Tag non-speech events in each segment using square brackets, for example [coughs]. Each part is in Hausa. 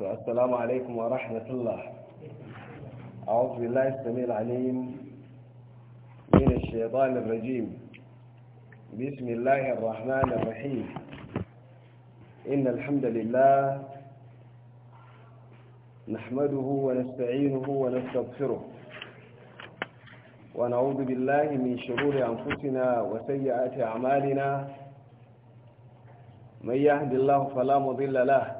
To, Assalamu alaikum wa rahmatullah. A wasu lai samir alim, mini shaibanin rajim, bismillahir rahmanir rahim. Inna alhamdulillah, nahmaduhu wa nasta'inuhu wa nastaghfiruh wa na'udhu billahi min shururi anfusina wa sayyiati a'malina. Mai yahdillahu fala mudilla lahu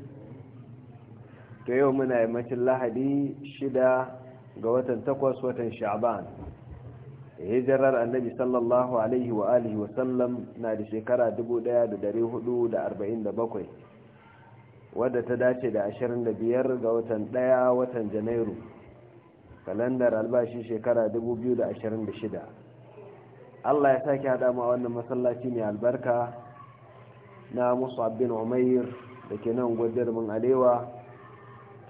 to yau muna yammacin lahadi shida ga watan takwas watan sha'ban jarar annabi sallallahu alaihi wa alihi wa sallam na da shekara 1447 wadda ta dace da 25 ga watan 1 watan janairu kalandar albashi shekara 2026 Allah ya sake hada ma wannan masallaci mai albarka na Mus'ab bin Umair da ke nan gwajar mun alewa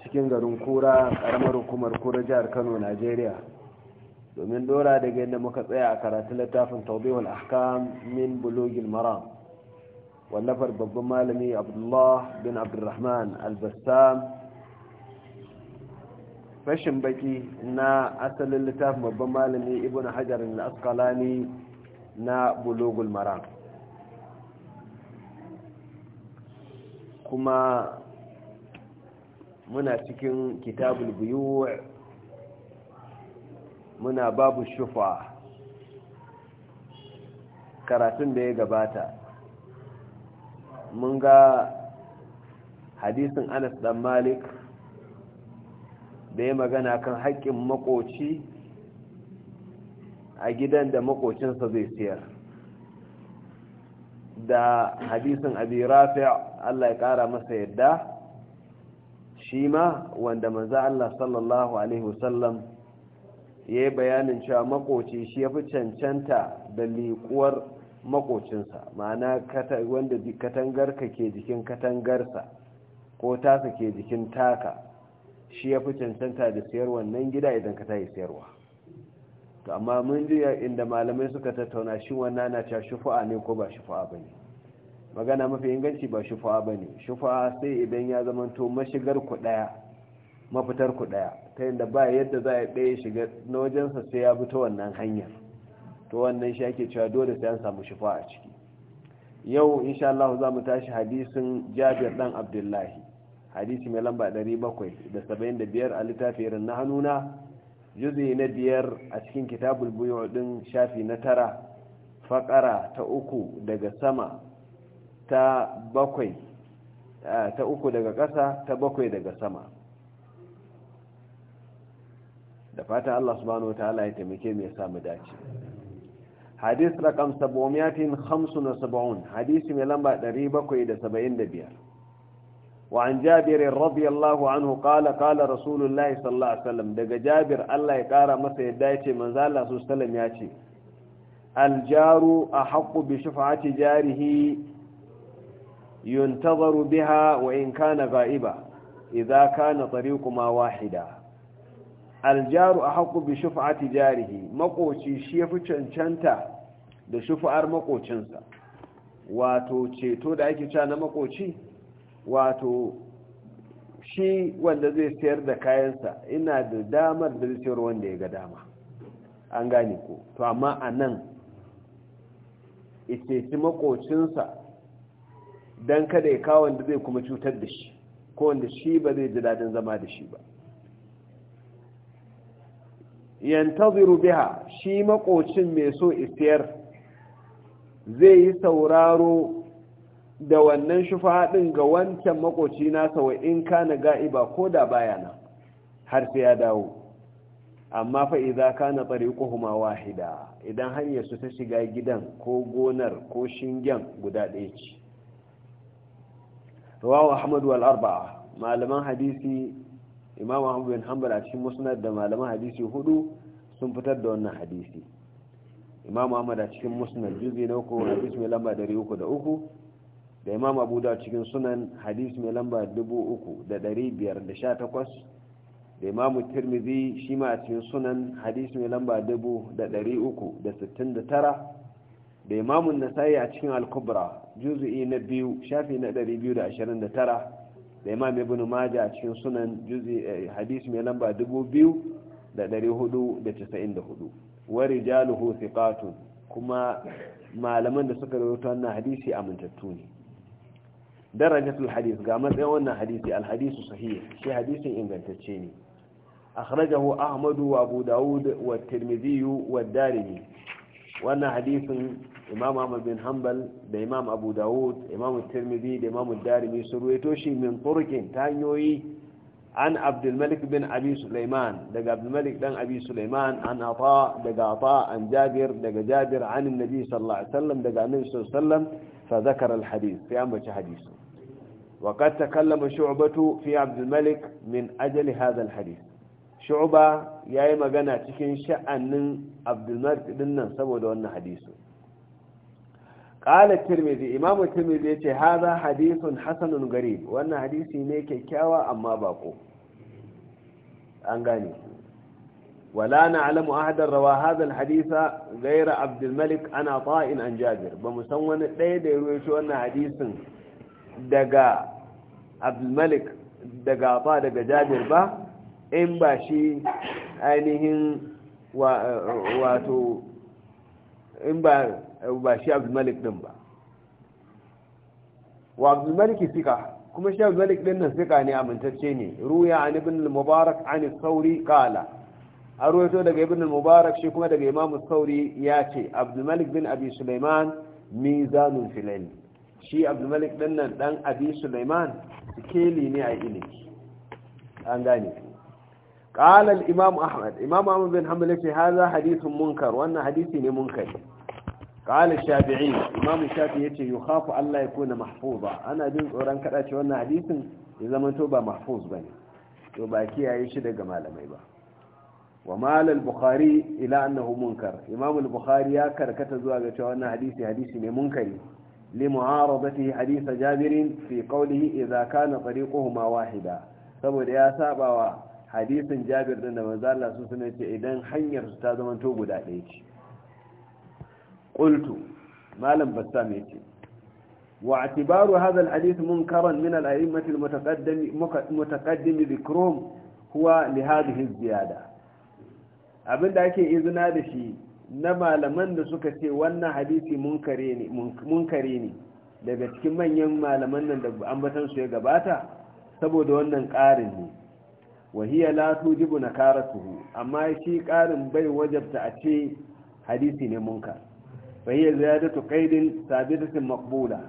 cikin garin kura karamar hukumar kura jihar kano najeriya domin dora daga yadda muka tsaya a karatu littafin taubewar ahkam min bulogin maram wallafar babban malami abdullah bin abdulrahman albassam fashin baki na asalin littafin babban malami ibn hajar al askalani na bulogin maram kuma muna cikin kitabul biyu muna babu shufa karatun da ya gabata mun ga hadisin anas dan malik da ya magana kan haƙƙin makoci a gidan da makocinsa zai siyar da hadisin abi rafi Allah ya ƙara masa yadda shi ma wanda manza Allah sallallahu alaihi wasallam ya yi bayanin cewa makoci shi ya fi cancanta da liƙuwar makocinsa ma'ana wanda katangarka ke jikin katangarsa ko tasa ke jikin taka shi ya fi cancanta da siyar wannan gida idan ka yi siyarwa amma mun ji inda malamai suka tattauna shi wannan na cewa shufa'a ne ko ba shufa'a bane magana mafi inganci ba shufa ba ne shufa sai idan ya zamanto mashigar ku daya mafitar ku daya ta yadda ba yadda za a ɗaya shiga na wajensa sai ya bi ta wannan hanyar to wannan shi ake cewa dole sai an samu shufa a ciki yau insha Allah za mu tashi hadisin Jabir dan Abdullahi hadisi mai lamba da 775 a littafin na hannuna juzi na biyar a cikin kitabul buyu din shafi na tara fakara ta uku daga sama ta bakwai ta uku daga ƙasa ta bakwai daga sama da fatan Allah subhanahu wa ta'ala ya taimake mai samu dace hadis rakam 775 hadisi mai lamba 775 wa an jabir الله anhu قال kala rasulullahi sallallahu alaihi wasallam daga jabir Allah ya kara masa yadda yace manzo Allah sallallahu alaihi wasallam yace al jaru ahqqu bi shufaati jarihi ينتظر بها وإن كان غائبا إذا كان طريقما واحدا الجار أحق بشفعة جاره مقوشي شيف چنچنتا da shufa'ar makocinsa wato ceto da ake cewa na makoci wato shi wanda zai sayar da kayansa ina da damar da zai wanda ya ga dama an gane ko to amma a nan ita makocinsa don kada ya kawo wanda zai kuma cutar da shi ko wanda shi ba zai ji daɗin zama da shi ba yantaziru biha shi makocin mai so isiyar zai yi sauraro da wannan shufaɗin ga wancan makoci nasa wa in ka na ga'iba ko da bayana. har sai ya dawo amma fa na kana kuhuma wahida idan hanyar su ta shiga gidan ko gonar ko shingen guda ɗaya ce rawahu ahmad wal arba'a malaman hadisi imam ahmad bin hanbal a cikin musnad da malaman hadisi hudu sun fitar da wannan hadisi imam ahmad a cikin musnad juzi na uku hadisi mai lamba dari uku da uku da imam abu da cikin sunan hadisi mai lamba dubu uku da dari biyar da sha takwas da imam tirmidhi shi ma a cikin sunan hadisi mai lamba dubu da dari uku da sittin da tara da imamun nasa'i a cikin al-kubra juz'i na biyu shafi na 229 da imam ibn maja a cikin sunan juz'i eh, hadisi mai lamba 2494 wa rijaluhu thiqatun kuma malaman da suka rawaito wannan hadisi amintattu ne darajatul hadis ga matsayin wannan hadisi al-hadisu sahih shi hadisin ingantacce ne أخرجه أحمد wa داود wa darimi wannan hadisin. imam ahmad bin hanbal da imam abu dawud imam tirmidhi da imam darimi su ruwaito shi min turkin ta hanyoyi an abdulmalik bin abi sulaiman daga abdulmalik dan abi sulaiman an ata daga ata an jabir daga jabir an annabi sallallahu alaihi wasallam daga annabi sallallahu alaihi wasallam fa zakara al hadith sai ambaci hadisi وقد تكلم شعبة في عبد min من أجل هذا الحديث شعبة يا إما جنا تكن شأن saboda wannan دنا قال الترمذي امام ya ce, haza حديث حسن Gari. wannan hadisi ne kyakkyawa amma bako an gane wala na'lamu ahadan rawa hadha alhaditha ghayra abd almalik ana ta'in an jabir ba san wani ɗaya da ruwaito wannan hadisin daga abd almalik daga ba daga jabir ba in ba shi ainihin wato in ba ba shi abdulmalik din ba wa abdulmalik sika kuma shi abdulmalik din nan sika ne amintacce ne ruya an ibn al-mubarak an sauri kala a ruwaito daga ibn al-mubarak shi kuma daga imamu sauri ya ce abdulmalik bin abi sulaiman mizanun filal shi abdulmalik din nan dan abi sulaiman sikeli ne a ilimi an gane قال الإمام أحمد إمام أحمد بن حنبل يقول هذا حديث منكر وأن حديثي منكر قال الشافعي إمام الشافعي يقول يخاف ألا يكون محفوظا أنا أدين قرآن كرأت وأن حديث إذا من توبة محفوظ بني توبة كي عيش دقى ما لم يبقى ومال البخاري إلى أنه منكر إمام البخاري يكر كتزواج وأن حديثي حديثي منكر لمعارضته حديث جابر في قوله إذا كان طريقهما واحدا سبب يا سابا hadisin jabir din da manzo Allah su ce idan hanyar ta zama to guda ɗaya ce qultu malam bassam yace wa atibaru hadha alhadith munkaran min al-a'immah al-mutaqaddim mutaqaddim huwa li hadhihi ziyada abinda ake izina da shi na malaman da suka ce wannan hadisi munkare ne munkare ne daga cikin manyan malaman nan da ambatan ya gabata saboda wannan ƙarin ne wahiya la tujibu nakaratuhu amma shi karin bai wajabta a ce hadisi ne munkar ya ziyadatu qaidin sabitatin maqbula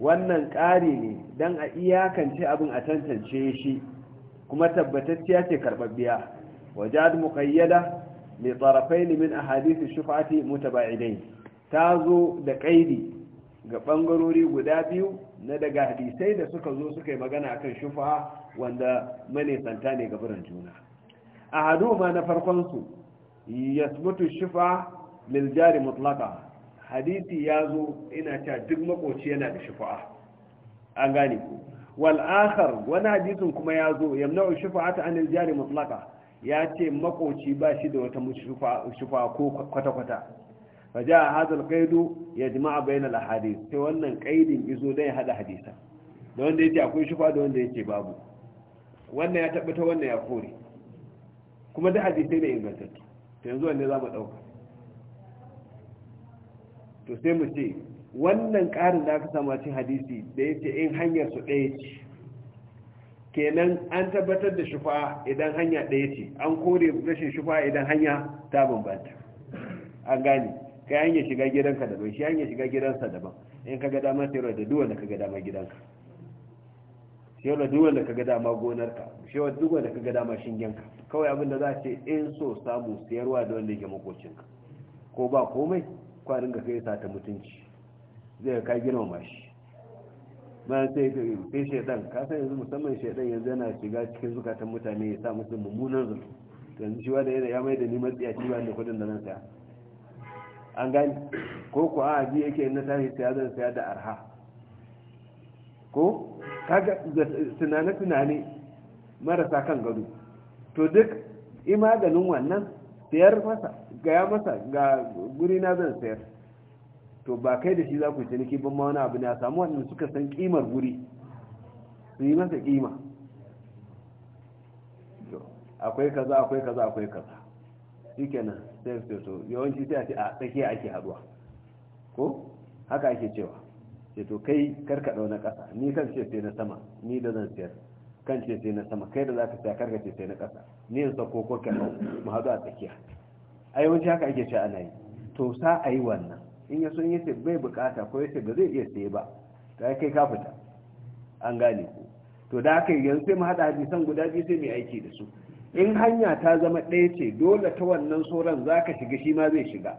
wannan kari ne dan a iyakance abin a tantance shi kuma tabbatacciya ce karbabbiya wajad muqayyada li tarafain min ahadith shufati mutaba'idain tazo da qaidi ga bangarori guda biyu na daga hadisai da suka zo suka yi magana akan shufa wanda manisanta ne ga biran juna a hadu ma na farkonsu yasmutu shifa lil jari mutlaka hadisi ya zo ina ta duk makoci yana da shifa an gane ku wal wani hadisin kuma ya zo yamna'u shifa'ata anil jari mutlaka ya ce makoci ba shi da wata shifa ko kwata-kwata faja hadal qaidu ya jima'a bainal ahadith sai wannan kaidin izo dai hada hadisa da wanda ce akwai shifa da wanda yake babu wannan ya tabbata wannan ya kore kuma da hadisai ne ingantattu to yanzu wanne za mu ɗauka to sai mu ce wannan ƙarin da aka samu cin hadisi da ya ce in hanyar su ɗaya ce kenan an tabbatar da shufa idan hanya ɗaya ce an kore rashin shufa idan hanya ta bambanta an gane kai hanyar shiga gidanka daban shi hanyar shiga gidansa daban in ka ga dama sayarwa da duwa da ka ga dama gidanka yau da duwanda ka ga dama gonarka shi wa duk wanda ka ga dama shingenka kawai abin da za a ce in so samu sayarwa da wanda yake makocinka ko ba komai kwanin ka kai sata mutunci zai ka gina ma shi bayan sai sai shaidan ka san yanzu musamman shaidan yanzu yana shiga cikin zukatan mutane ya sa musu mummunan zato yanzu shi wanda ya mai da ni tsiya ciwa da kudin da nan saya an gani ko ko a ji yake na tashi saya zan saya da arha ko kaga tunane-tunane marasa kan gado to duk maganin wannan sayar masa gaya masa ga guri na zan sayar to ba kai da shi za ku yi ciniki ban ma wani abu ne a samu waɗanda suka san ƙimar guri su yi masa ƙima akwai kaza akwai kaza akwai kaza shi kenan sai su to yawanci sai a ce a tsakiya ake haɗuwa ko haka ake cewa ya to kai karka dau na kasa ni kan ce sai na sama ni da zan siyar kan ce sai na sama kai da za ka siya karka ce sai na kasa ni yin sako ko ka mu hadu a tsakiya ai wani haka ake ce ana yi to sa a yi wannan in ya sun ce bai bukata ko ce ba zai iya saya ba kai kai ka fita an gane ku to da haka yanzu sai mu haɗa hadisan guda biyu sai mai aiki da su in hanya ta zama ɗaya ce dole ta wannan sauran za ka shiga shi ma zai shiga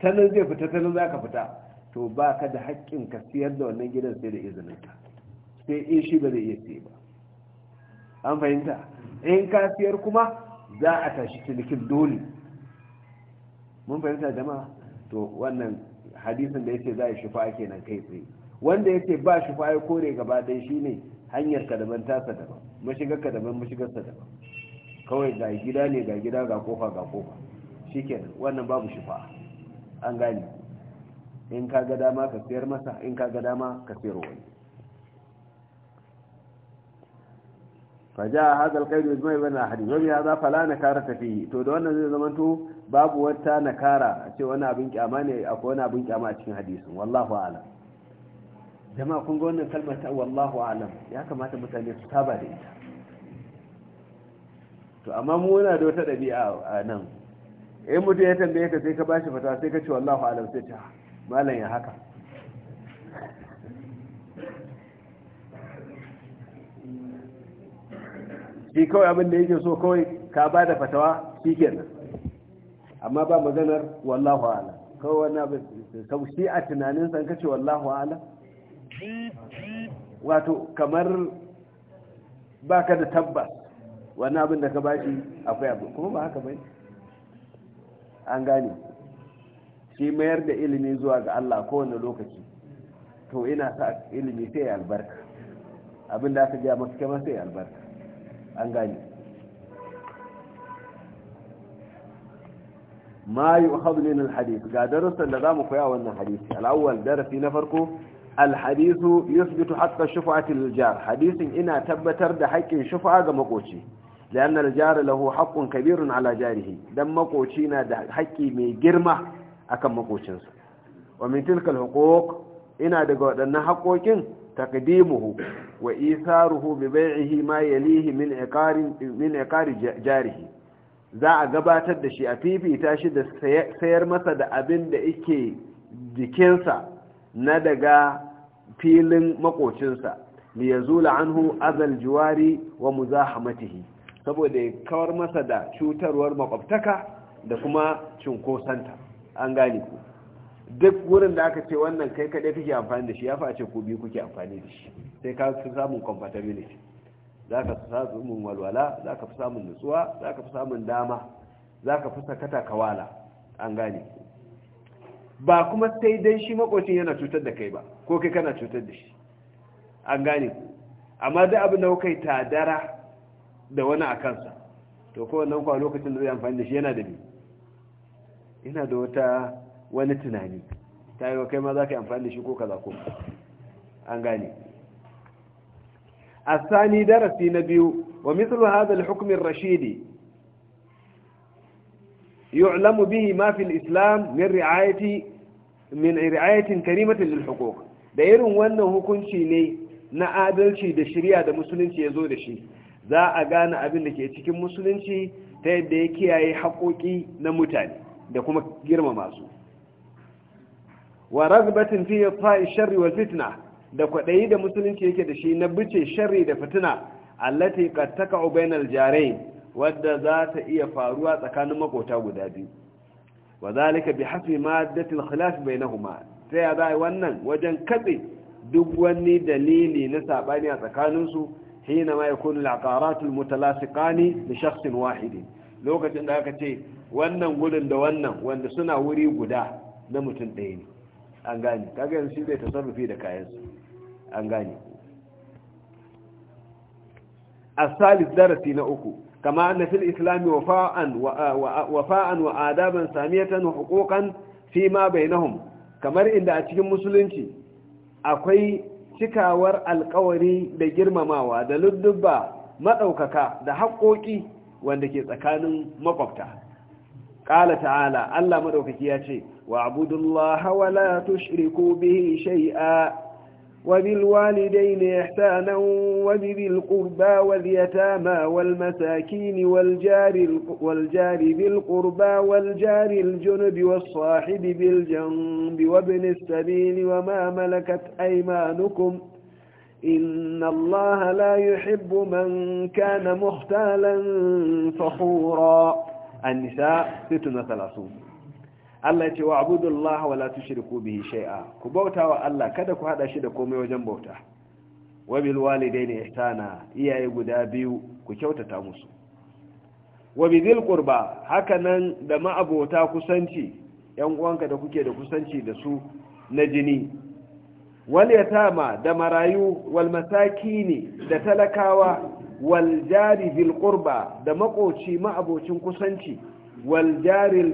ta zai fita ta nan za ka fita to ba ka da haƙƙin ka siyar da wannan gidan sai da izininka sai in shi ba zai iya siye ba an fahimta in ka siyar kuma za a tashi cinikin dole mun fahimta jama to wannan hadisin da ya ce za a shufa kenan kai tsaye wanda ya ce ba shufa ya kore gaba ɗaya ne hanyar ka daban tasa daban mashigar ka daban mashigar sa daban kawai ga gida ne ga gida ga kofa ga kofa shi wannan babu shufa an gane in ka ga dama ka sayar masa in ka ga dama ka sayar wani faja hada alqaid wa jama'i bin ahadi wa biha fala nakara tafi. to da wannan zai to babu wata nakara a ce wani abin kyama ne akwai wani abin kyama a cikin hadisin wallahu a'lam jama'a kun ga wannan kalmar ta wallahu a'lam ya kamata mutane su saba da ita to amma mu yana da wata ɗabi'a nan in mutum ya tambaye ka sai ka bashi fata sai ka ce wallahu a'lam sai ta malam ya haka shi kawai abin da yake so kawai ka ba da fatawa shi kenan amma ba maganar wallahu ala kawai wani abin sau shi a tunanin san kace wallahu ala wato kamar baka da tabbas wani abin da ka bashi akwai abu kuma ba haka bai an gane shi mayar da ilimi zuwa ga Allah kowane lokaci to ina sa ilimi sai albarka abin da aka ji masu kyama sai albarka an gani ma yi min alhadis ga darussan da za mu koya wannan hadisi al'awwal darasi na farko alhadisu yusbitu hatta shufa'atil jar hadisin ina tabbatar da haƙƙin shufa'a ga makoci lahu الجار kabirun ala كبير don makoci na da haƙƙi mai girma. akan makocinsa wa min tilkal huquq ina daga waɗannan haƙoƙin taqdimuhu wa isaruhu bi bai'ihi ma yalihi min iqari min iqari jarihi za a gabatar da shi a fifita shi da sayar masa da abin da yake jikinsa na daga filin makocinsa li yazula anhu azal juwari wa muzahamatihi saboda ya kawar masa da cutarwar makwabtaka da kuma cinkosanta an gane ku duk wurin da aka ce wannan kai kaɗai kake amfani da shi ya face ku biyu kuke amfani da shi sai ka fi samun compatibility za ka fi samun walwala za ka fi samun nutsuwa za ka fi samun dama za ka fi sakata kawala an gane ku ba kuma sai dan shi makocin yana cutar da kai ba ko kai kana cutar da shi an gane ku amma duk abin da kai tadara da wani a kansa to kowannan kwa lokacin da zai amfani da shi yana da biyu ina da wata wani tunani ta yi kai ma za ka yi amfani da shi ko kaza ko an gane hadha al نبيو ar-rashidi yu'lamu bihi ma fi al-islam min ri'ayati min ri'ayatin karimatin lil huquq da irin wannan hukunci ne na adalci da shari'a da musulunci ya zo da shi za a gane abin da ke cikin musulunci ta yadda ya kiyaye haƙoƙi na mutane da kuma girmama su wa ragbatin fi fa'i sharri wal fitna da kwaɗayi da musulunci yake da shi na bice sharri da fitina allati qad taqa'u bainal jarayn wadda za ta iya faruwa tsakanin makota guda biyu wa zalika bi hasbi maddatil khilaf bainahuma sai ya zai wannan wajen katse duk wani dalili na saɓani a tsakaninsu hina ma ya al-aqaratul mutalasiqani li shakhsin wahidin lokacin da aka ce wannan gurin da wannan wanda suna wuri guda na mutum ɗaya ne an gane kaga yanzu shi ta tasarrufi da kayansu an gane الثالث درسي نأكو كما أن في الإسلام وفاء وفاء وآدابا سامية وحقوقا فيما Kamar inda a cikin musulunci, akwai cikawar alkawari da girmamawa da luddubba maɗaukaka da haƙoƙi wanda ke tsakanin makwabta قال تعالى الله مدوكك ياتي واعبدوا الله ولا تشركوا به شيئا وبالوالدين إحسانا وبذي القربى واليتامى والمساكين والجار, والجار بالقربى والجار الجنب والصاحب بالجنب وابن السبيل وما ملكت أيمانكم إن الله لا يحب من كان مختالا فخورا an-nisa sittuna salasu Allah ya ce wa abudullahi wala tushriku bihi shay'a ku bauta wa Allah kada ku hada shi da komai wajen bauta wa bil walidaini ihsana iyaye guda biyu ku kyautata musu wa bidil qurba hakanan da ma'abota kusanci yan uwanka da kuke da kusanci da su na jini wal yatama da marayu wal masakini da talakawa wal Bilkurba da makoci ma'abocin kusanci wal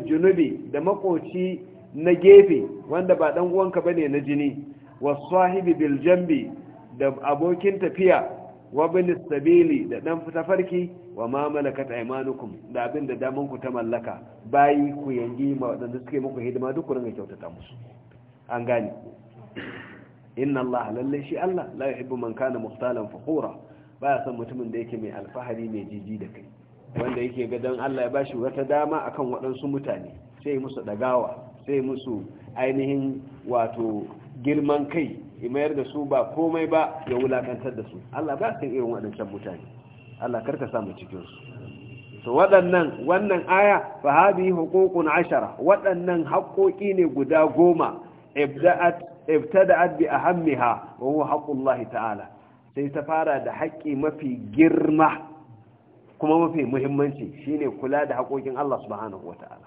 junubi da makoci na gefe wanda ba dan uwanka bane na jini was sahibi bil jambi da abokin tafiya wa bin sabili da dan tafarki wa ma malakat aymanukum da abin da daman ta mallaka bayi ku yangi ma suke muku hidima duk kuna kyautata musu an gani inna Allah lalle shi Allah la yuhibbu man kana muhtalan fakhura ba son mutumin da yake mai alfahari mai jiji da kai wanda yake ga don Allah ya bashi wata dama akan waɗansu mutane sai musu ɗagawa sai musu ainihin wato girman kai mayar da su ba komai ba ya wulakantar da su Allah ba san irin waɗancan mutane Allah karka samu cikin su to waɗannan wannan aya fa hadhihi huququn ashara waɗannan haƙoƙi ne guda goma ibtada'at ibtada'at bi ahammiha wa huwa haqqullahi ta'ala sai ta fara da haƙƙi mafi girma kuma mafi muhimmanci shine kula da haƙoƙin Allah subhanahu wata'ala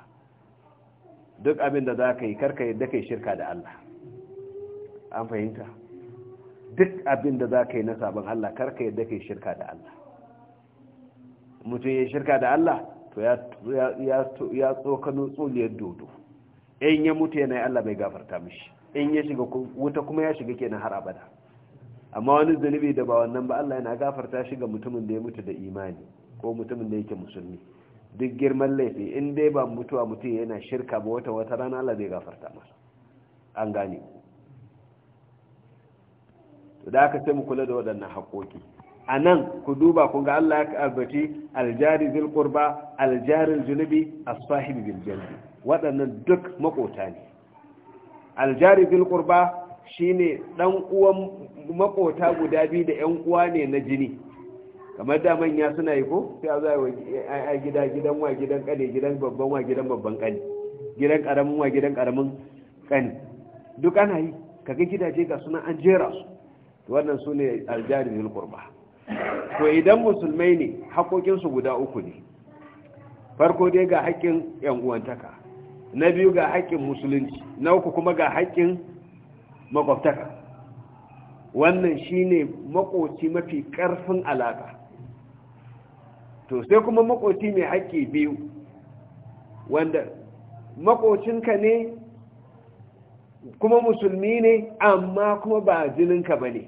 duk abin da za ka yi karka yadda yi shirka da Allah an fahimta duk abin da za ka yi na sabon Allah karka yadda yi shirka da Allah mutum ya shirka da Allah to ya tsokano tsoliyar dodo in ya mutu yanayi Allah bai gafarta mishi in ya shiga wuta kuma ya shiga kenan har abada amma wani zunubi da ba wannan ba Allah yana gafarta shi ga mutumin da ya mutu da imani ko mutumin da yake musulmi duk girman laifi in dai ba mutuwa mutum yana shirka ba wata wata rana Allah zai gafarta masa an gane to da aka sai mu kula da waɗannan haƙoƙi a nan ku duba kun ga Allah ya albaci aljari zil qurba aljarin junubi as-sahib bil waɗannan duk makota ne aljari zil qurba shine dan uwan makota guda biyu da yan uwa ne na jini kamar da manya suna yi ko sai a zo a gida gidan wa gidan kane gidan babban wa gidan babban kane gidan karamin wa gidan karamin kane duk ana yi kaga gidaje ga suna an jera su wannan su ne aljarin qurba to idan musulmai ne haƙoƙinsu guda uku ne farko dai ga hakkin yan uwantaka na biyu ga haƙƙin musulunci na uku kuma ga haƙƙin makwabtaka wannan shine makoci mafi karfin alaƙa to sai kuma makoci mai haƙƙi biyu wanda makocinka ne kuma musulmi ne amma kuma ba jininka ba ne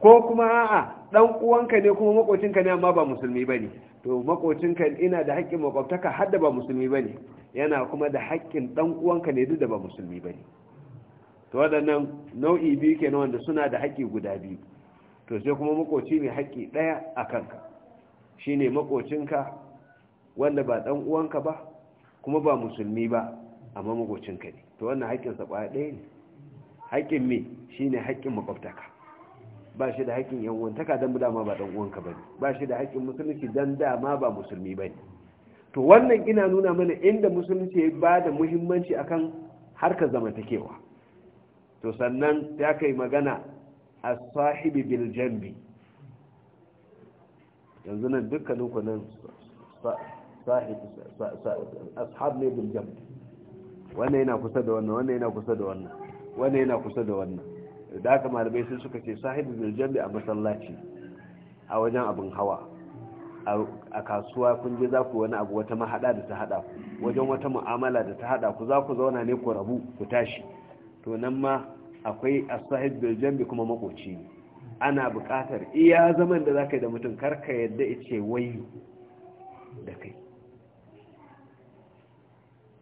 ko kuma a'a ɗan uwanka ne kuma makocinka ne amma ba musulmi ba ne to makocinka ina da haƙƙin makwabtaka hada ba musulmi ba ne yana kuma da haƙƙin ɗan uwanka ne duk da ba musulmi ba ne to waɗannan nau'i biyu kenan wanda suna da haƙƙi guda biyu to sai kuma makoci mai haƙƙi ɗaya a kanka ne makocinka wanda ba ɗan uwanka ba kuma ba musulmi ba amma makocinka ne to wannan haƙƙinsa ƙwaya ɗaya ne haƙƙin me ne haƙƙin makwabtaka ba shi da haƙƙin yan uwantaka dan dama ba ɗan uwanka ba ne ba shi da haƙƙin musulunci don dama ba musulmi ba ne to wannan ina nuna mana inda musulunci ya ba da muhimmanci akan harkar zamantakewa to sannan ta kai magana a sahibi bil yanzu nan dukkanin ku nan ashab ne bil wannan yana kusa da wannan wannan yana kusa da wannan wannan yana kusa da wannan da aka malamai sun suka ce sahibi bil a masallaci a wajen abin hawa a kasuwa kun je za ku wani abu wata mahada da ta hada ku wajen wata mu'amala da ta hada ku za ku zauna ne ku rabu ku tashi to nan ma akwai asahib da jambi kuma makoci ana bukatar iya zaman da zaka yi da mutum karka yadda ice wayu da kai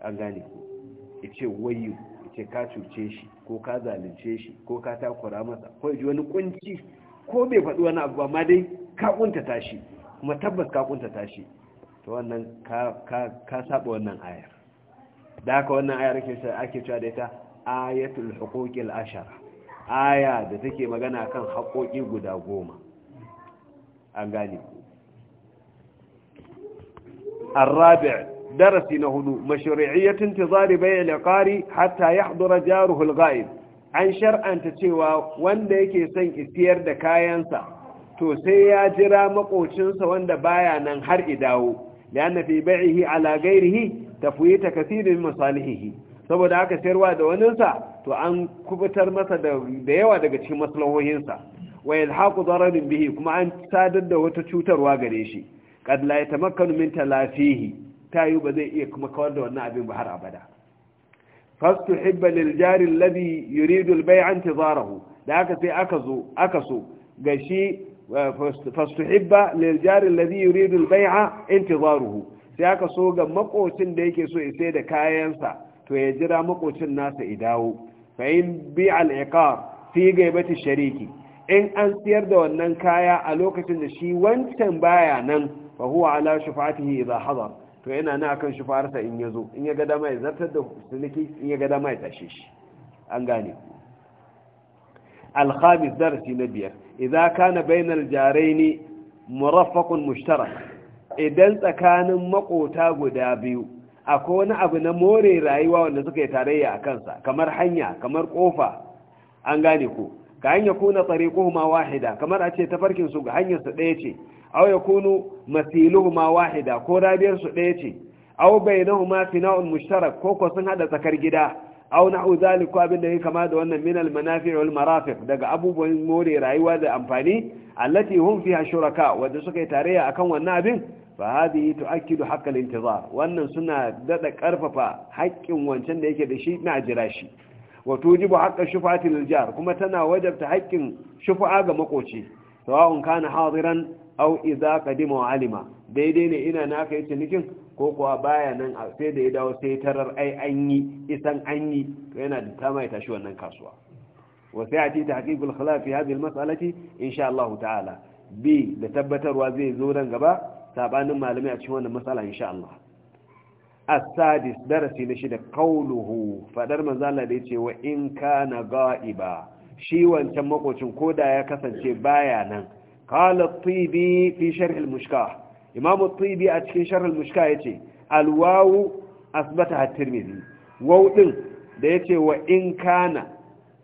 an gane ku ice wayu ice ka cuce shi ko ka zalunce shi ko ka takura masa ko ji wani kunci ko bai faɗi wani abu ba ma dai ka kuntata shi kuma tabbas ka kuntata shi to wannan ka saba wannan ayar da haka wannan ayar ake cewa da ita ayatul ashar aya da take magana kan haƙoƙi guda goma an gani arabi' darasi na hudu mashru'iyyat intizar bay'i liqari hatta yahdura jaruhu al an shar'an cewa wanda yake son isiyar da kayansa to sai ya jira maƙocinsa wanda baya nan har idawo lianna fi bay'ihi ala ghairihi tafwita kaseerin masalihihi saboda haka sayarwa da waninsa to an kubutar masa da yawa daga cikin maslahohinsa wa yalhaqu dararin bihi kuma an sadar da wata cutarwa gare shi kad la yatamakkanu min talafihi tayu ba zai iya kuma kawar da wannan abin ba har abada fastuhibba lil jari alladhi yuridu al bay'a intizarahu da haka sai aka zo aka so ga shi eh, fastuhibba lil jari alladhi yuridu al bay'a intizaruhu sai aka so ga makocin da yake so ya sai da kayansa to ya jira makocin nasa idawo fa in bi al-iqar fi gaibati shariki in an siyar da wannan kaya a lokacin da shi wancan baya nan fa huwa ala shufatihi idha hadar to yana nan akan shufarsa in yazo in ya ga dama ya zartar da sulki in ya ga dama ya tashe shi an gane al-khamis darasi na biyar idza kana bainal jaraini muraffaqun mushtarak idan tsakanin makota guda biyu akwai wani abu na more rayuwa wanda suka yi tarayya a kansa kamar hanya kamar kofa an gane ku ka hanya kuna tsare ma wahida kamar a ce su ga hanyarsu ɗaya ce au ya kunu masilu ma wahida ko rabiyarsu ɗaya ce au bainahu ma fina'un mushtarak ko ko sun hada tsakar gida au na uzali ko abin da ya kama da wannan minal al wal marafiq daga abubuwan more rayuwa da amfani allati hum fiha shuraka wanda suka yi tarayya akan wannan abin fa hadi tu'akkidu haqq al wannan suna dada karfafa haƙƙin wancan da yake da shi na jira shi wa tujibu haqq shufa'ati lil jar kuma tana wajabta haƙƙin shufa'a ga makoci sawa'un kana hadiran aw idza qadima wa alima daidai ne ina naka yi nikin ko kuwa baya nan sai da ya dawo sai tarar ai an yi isan anyi yi yana da kama mai tashi wannan kasuwa wa sai a titi haqiqul khilaf fi hadhihi al insha Allah ta'ala bi da tabbatarwa zai zo dan gaba sabanin malamai a cikin wannan matsala insha Allah as-sadis darasi na shida qawluhu fadar manzo Allah da yace wa in kana ga'iba shi wancan makocin koda ya kasance baya nan qala at-tibi fi sharh al-mushkah imam tibi a cikin sharh al-mushkah yace al-wawu asbata at-tirmidhi waw din da yace wa in kana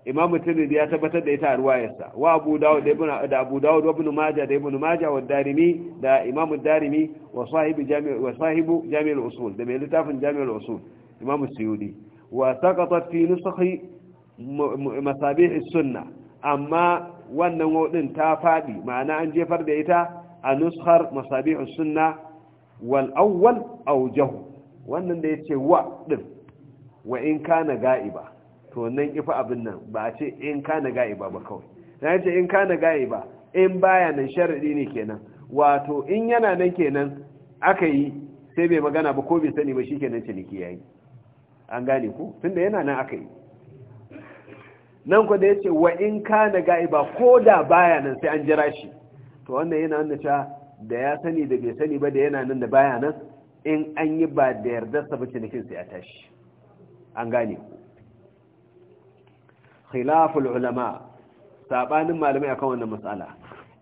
imamu tirmidhi ya tabbatar da ita a ruwayarsa wa abu dawud da ibnu da abu dawud wa majah da ibnu majah wa darimi da imamu darimi wa sahibi jami' wa sahibu jami' al-usul da mai littafin jami' al-usul imamu suyudi wa saqatat fi nusakhi masabih as-sunnah amma wannan wadin ta fadi ma'ana an jefar da ita a nuskhar masabih as-sunnah wal awwal awjahu wannan da yace wa din wa in kana ga'iba to nan ifa abin nan ba a ce in ka na ga'i ba kawai na ce in ka na ga'i ba, in baya nan sharaɗi ne kenan wato in yana nan kenan aka yi sai bai magana ba ko bai sani ba shikenan ciniki yayi an gane ku tunda yana nan aka yi nan ku da ya ce wa in ka na ga'i ba ko da baya nan sai an jira shi to wannan yana nuna ta da ya sani da bai sani ba da yana nan da baya nan in an yi ba da yardarsa ba cinikin sai ya tashi an gane ku khilaful ulama sabanin malamai akan wannan matsala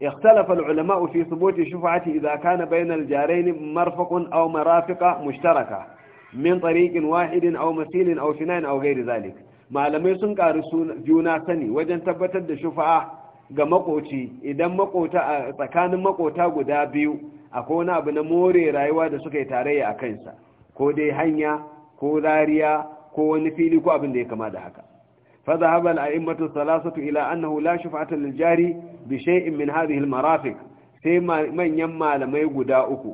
ikhtalafa ulama fi thubuti shufa'ati idza kana bayna al-jarayn marfaqun aw marafiqa mushtaraka min tariqin wahidin aw masilin aw finan aw ghairi zalik malamai sun karu juna sani wajen tabbatar da shufa'a ga makoci idan makota tsakanin makota guda biyu akwai wani abu na more rayuwa da suka yi tarayya a kansa ko dai hanya ko rariya ko wani fili ko abin da ya kama da haka فذهب الأئمة الثلاثة إلى أنه لا شفعة للجاري بشيء من هذه المرافق سيما من يما لما يقداؤك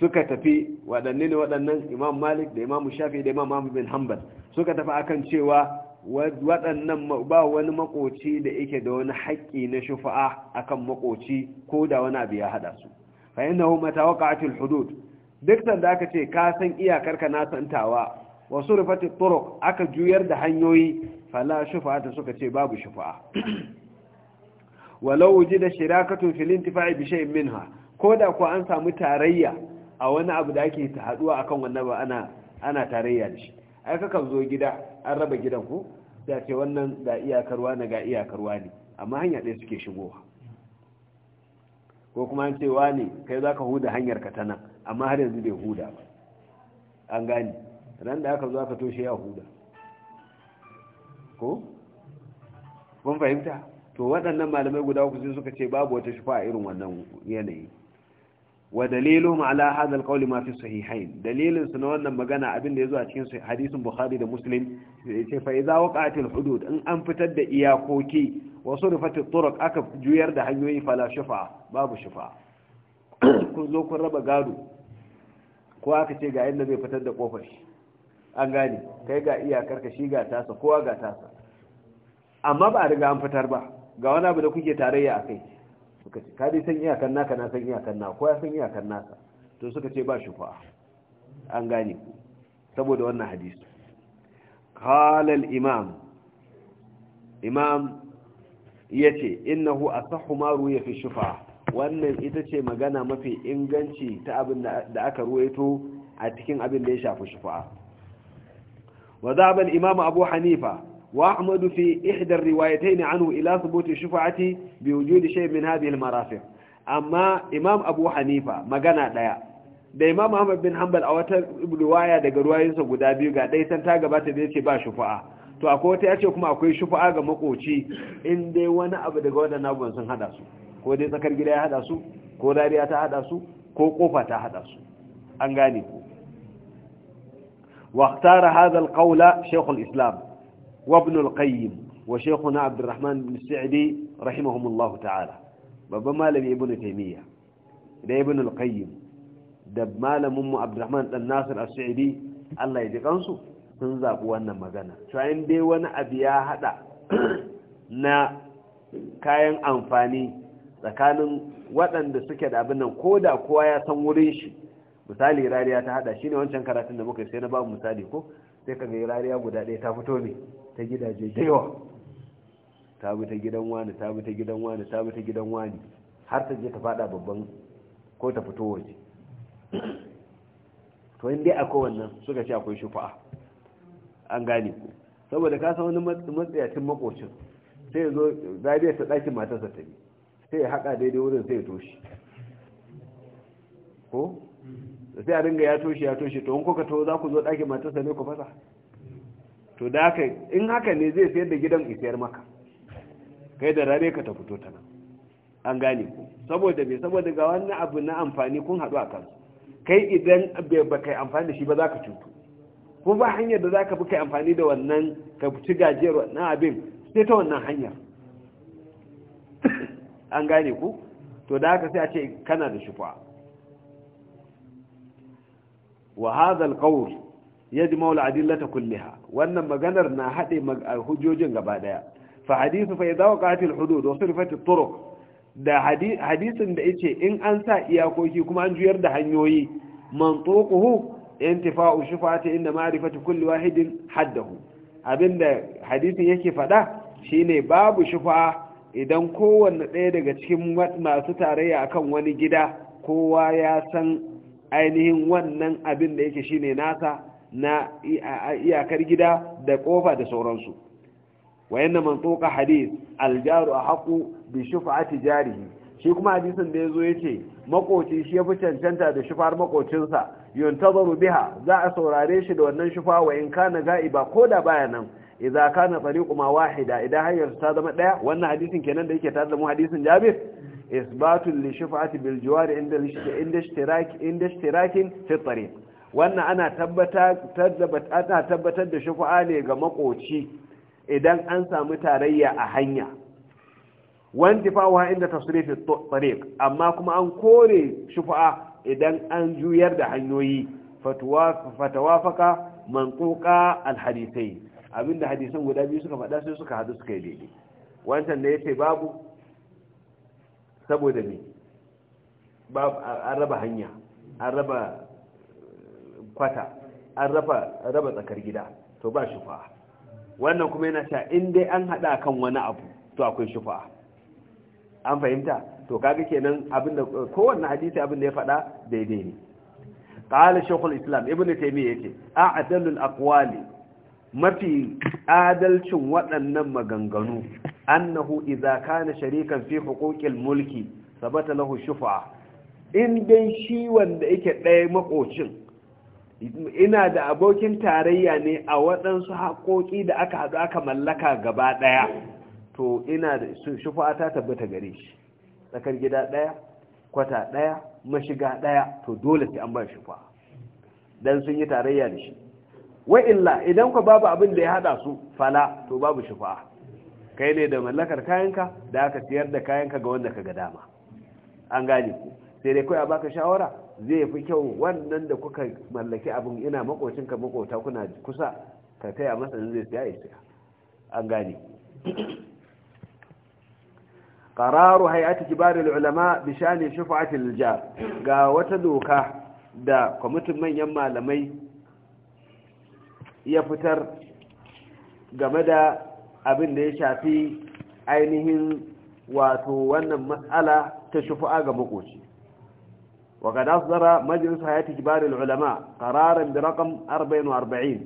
suka tafi waɗannan imam malik da imam shafi da imam ahmad bin hanbal suka tafi akan cewa waɗannan ba wani makoci da yake da wani haƙƙi na shufa'a akan makoci ko da wani abu ya haɗa su fa innahu matawaqa'atul hudud duk sanda aka ce ka san iyakar ka na santawa wasu rufati turuk aka juyar da hanyoyi fala ta suka ce babu shufa'a [clears throat] walau da shirakatun fil intifa'i bi shay'in minha koda ko an samu tarayya a wani abu da ake ta haduwa akan wannan ba ana tarayya da shi ai ka zo gida an raba gidan ku da ce wannan ga iyakarwa na ga iyakarwa ne amma hanya ɗaya suke shigowa ko kuma an ce wani kai zaka huda hanyar ka ta nan amma har yanzu bai huda ba an gane ran da aka zo aka toshe yahuda ko kun fahimta to waɗannan malamai guda uku sun suka ce babu wata shufa a irin wannan yanayi wa dalilum ala hadha alqawli ma fi sahihayn dalilin su na wannan magana abin da yazo a cikin hadisin bukhari da muslim ce fa idza waqa'atil hudud in an fitar da iyakoki wa surfatit turuq aka juyar da hanyoyi fala shufa babu shufa kun zo kun raba gado ko aka ce ga inda zai fitar da kofar shi an gane kai ga iyakar ka shi ga tasa kowa ga tasa amma ba a riga an fitar ba ga wani abu da kuke tarayya a kai suka ce ka dai san iyakar naka na san iyakar naka kowa san iyakar naka to suka ce ba shi fa'a an gane ku saboda wannan hadisi qala al imam imam yace innahu asahhu ma ruya fi shufa'a wannan ita ce magana mafi inganci ta abin da aka ruwaito a cikin abin da ya shafi shufa'a وذهب الإمام أبو حنيفة وأحمد في إحدى الروايتين عنه إلى ثبوت الشفعة بوجود شيء من هذه المرافق أما إمام أبو حنيفة مغانا ديا da imam ahmad bin hanbal a wata riwaya daga ruwayinsa guda biyu ga ɗaya san ta gabata da ce ba shufa'a to akwai wata yace kuma akwai shufa'a ga makoci in dai wani abu daga waɗannan abubuwan sun hada su ko dai tsakar gida ya hada su ko dariya ta hada su ko kofa ta hada su an gane ku واختار هذا القول شيخ الإسلام وابن القيم وشيخنا عبد الرحمن بن السعدي رحمهم الله تعالى babban malami ibnu taymiya da ibn al-qayyim da malamin mu abdurrahman dan nasir as Allah ya ji kansu sun zabi wannan magana to in wani abu ya haɗa na kayan amfani tsakanin waɗanda suke da abin nan ko da kowa ya san wurin shi misali rariya ta hada shine wancan karatun da muka yi sai na babu misali ko sai ka ga rariya guda ɗaya ta fito ne ta gidaje da yawa ta bi ta gidan wani ta bi ta gidan wani ta bi ta gidan wani har ta je ta fada babban ko ta fito waje to in dai akwai wannan suka ce akwai shufa an gane ku saboda ka san wani matsayacin makocin sai ya zo rariya ta ɗakin matarsa ta bi sai ya haƙa daidai wurin sai ya toshi ko sai a ringa ya toshe ya toshe to in ka to za ku zo ɗakin matarsa ne ku fasa to da haka in haka ne zai sayar da gidan isayar maka kai da rare ka ta fito ta nan an gane ku saboda me saboda ga wannan abu na amfani kun haɗu a kan kai idan ba kai amfani da shi ba za ka cutu ko ba hanyar da za ka bi kai amfani da wannan ka ci gajiyar wannan abin sai ta wannan hanyar [coughs] an gane ku to da haka sai a ce kana da shufa wa hadha alqawl yajma'u al'adillata kullaha wannan maganar na hade hujjojin gaba daya fa hadithu fa idha waqa'at al wa sirfat al da hadisin da yace in an sa iyakoki kuma an juyar da hanyoyi man turuquhu intifa'u shufa'ati inda ma'rifatu kulli wahidin haddahu abinda hadisin yake fada shine babu shufa'a idan kowanne ɗaya daga cikin masu tarayya akan wani gida kowa ya san ainihin wannan abin da yake shine nasa na iyakar gida da kofa da sauransu wayanna man toka hadith aljaru ahqu bi shuf'ati jarihi shi kuma hadisin da yazo yace makoci shi ya fi cancanta da shufar makocinsa yuntazaru biha za a saurare shi da wannan shufa wa in kana ga'iba ko da baya nan idza kana tariqu ma wahida idan hanyar ta zama daya wannan hadisin kenan da yake tare da mu hadisin Jabir isbatun li shafa'ati bil jiwari inda ishtirakin fi tariq wannan ana tabbatar da shafa'a ne ga maƙoci idan an samu tarayya a hanya wanti fawa inda tasrifi tariq amma kuma an kore shafa'a idan an juyar da hanyoyi fatawafaka mantuka alhadisai abinda hadisan guda biyu suka faɗa sai suka hadu suka yi daidai wancan da yace babu saboda ne an raba hanya an raba eh, kwata an raba tsakar gida to ba shufa wannan kuma yana sha in dai an haɗa kan wani abu to akwai shufa an fahimta to kaga kenan abinda kowanne hadisi abinda ya faɗa daidai ne qala shaykhul islam ibnu taymiyyah yace a'dalul aqwali mafi adalcin waɗannan maganganu annahu idza kana sharikan fi huquqil mulki sabata lahu shufa'a in dai shi wanda yake ɗaya makocin ina da abokin tarayya ne a waɗansu haƙoƙi da aka haɗu aka mallaka gaba ɗaya to ina da shufa'a ta tabbata gare shi tsakar gida ɗaya kwata ɗaya mashiga ɗaya to dole sai an ba shufa'a dan sun yi tarayya da shi wa illa idan ku babu abin da ya hada su fala to babu shafa'a kai ne da mallakar kayanka da aka siyar da kayanka ga wanda ka ga dama an gane ku sai dai kawai a baka shawara zai fi kyau wannan da kuka mallaki abin ina makocinka makota kuna kusa ka taya masa zai siya ya siya an gane قرار هيئة كبار العلماء بشان al jar ga wata doka da kwamitin manyan malamai ya fitar game da abin da ya shafi ainihin wato wannan matsala ta shufu'a ga makoci وقد hayati مجلس هيئة كبار العلماء da برقم 44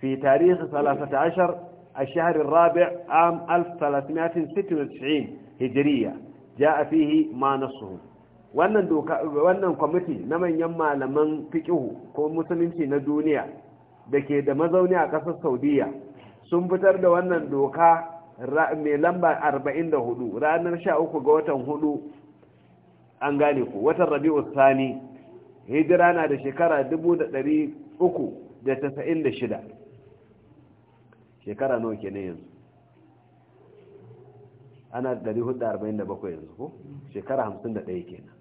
fi tarihi 13 الشهر الرابع عام 1396 هجرية جاء fihi ma nasu wannan kwamiti na manyan malaman fikihu ko musulunci na duniya da ke da mazauni a ƙasar saudiya sun fitar da wannan doka mai lamba 44 ranar 13 ga watan hudu an gane ku watan rabi'u sani hijira na da shekara 396 shekara nawa ke ne yanzu ana 447 yanzu ko shekara 51 kenan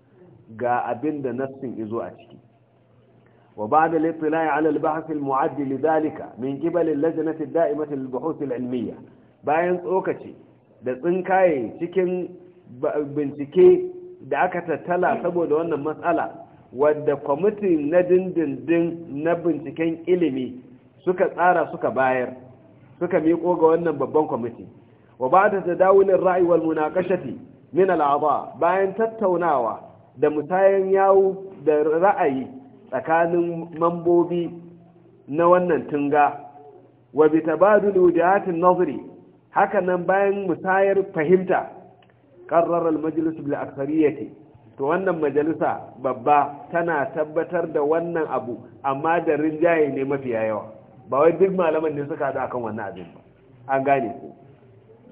ga abin da nassin izo a ciki wa وبعد الاطلاع على البحث المعد لذلك من قبل اللجنة الدائمة للبحوث العلمية باين tsokaci da tsinkaye cikin bincike da aka tattala saboda wannan matsala wadda kwamiti na dindindin na binciken ilimi suka tsara suka bayar suka miko ga wannan babban kwamiti wa ba da tadawulin ra'ayi wal munakashati min al'adha bayan tattaunawa da musayan yawo da ra'ayi tsakanin mambobi na wannan tunga wa bi tabadulu wujahatin nazari haka nan bayan musayar fahimta qarrar al majlis bil ta to wannan majalisa babba tana tabbatar da wannan abu amma da rinjaye ne mafi yawa ba wai duk malaman ne suka haɗu akan wannan abin ba an gane ku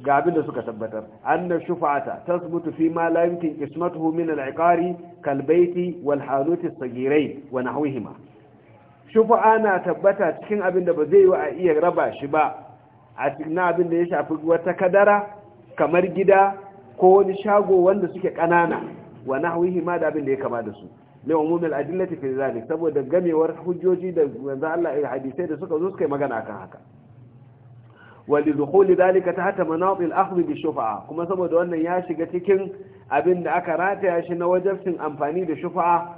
ga abin da suka tabbatar anna shufa'ata tasbutu fi ma la yumkin ismatuhu min al-iqari kal baiti wal hanut sagirai wa nahwihima shufa'a na tabbata cikin abin da ba zai yi a iya raba shi ba a cikin abin da ya shafi wata kadara kamar gida ko wani shago wanda suke kanana wa nahwihima da abin da ya kama da su li umumul adillati fi zalik saboda gamewar hujjoji da manzo Allah hadisai da suka zo suka yi magana akan haka wali dalika ولدخول ذلك تحت مناط الاخذ shufa'a kuma saboda wannan ya shiga cikin abin da aka rataya shi na wajibin amfani da shufa'a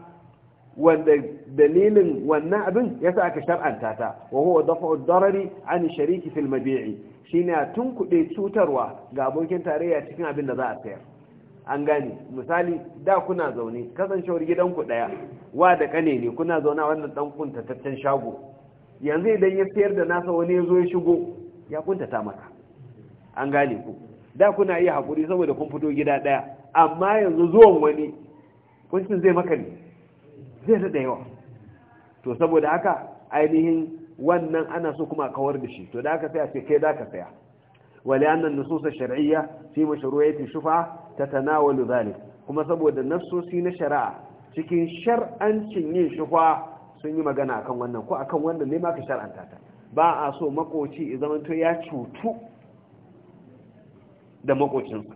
wanda dalilin wannan abin ya sa aka shar'anta ta wa huwa daf'u ad-darari 'an ash-sharik fi al-mabi'i shine tun kuɗe cutarwa ga abokin tarayya cikin abin da za a sayar an gane misali da kuna zaune kasancewar gidanku daya wa da kane ne kuna zauna wannan dan kunta shago yanzu idan ya sayar da nasa wani ya zo ya shigo ya kuntata maka an gane ku da kuna iya haƙuri saboda kun fito gida ɗaya amma yanzu zuwan wani kuncin zai maka ne zai da yawa to saboda haka ainihin wannan ana so kuma kawar da shi to da aka saya ce kai da ka saya wale annan nususa shar'iyya fi mashru'ati shufa tatanawalu zalik kuma saboda nafsosi na shari'a cikin shar'ancin yin shufa sun yi magana akan wannan ko akan wannan ne ma ka shar'anta ta ba a so makoci zamanto ya cutu da makocinsa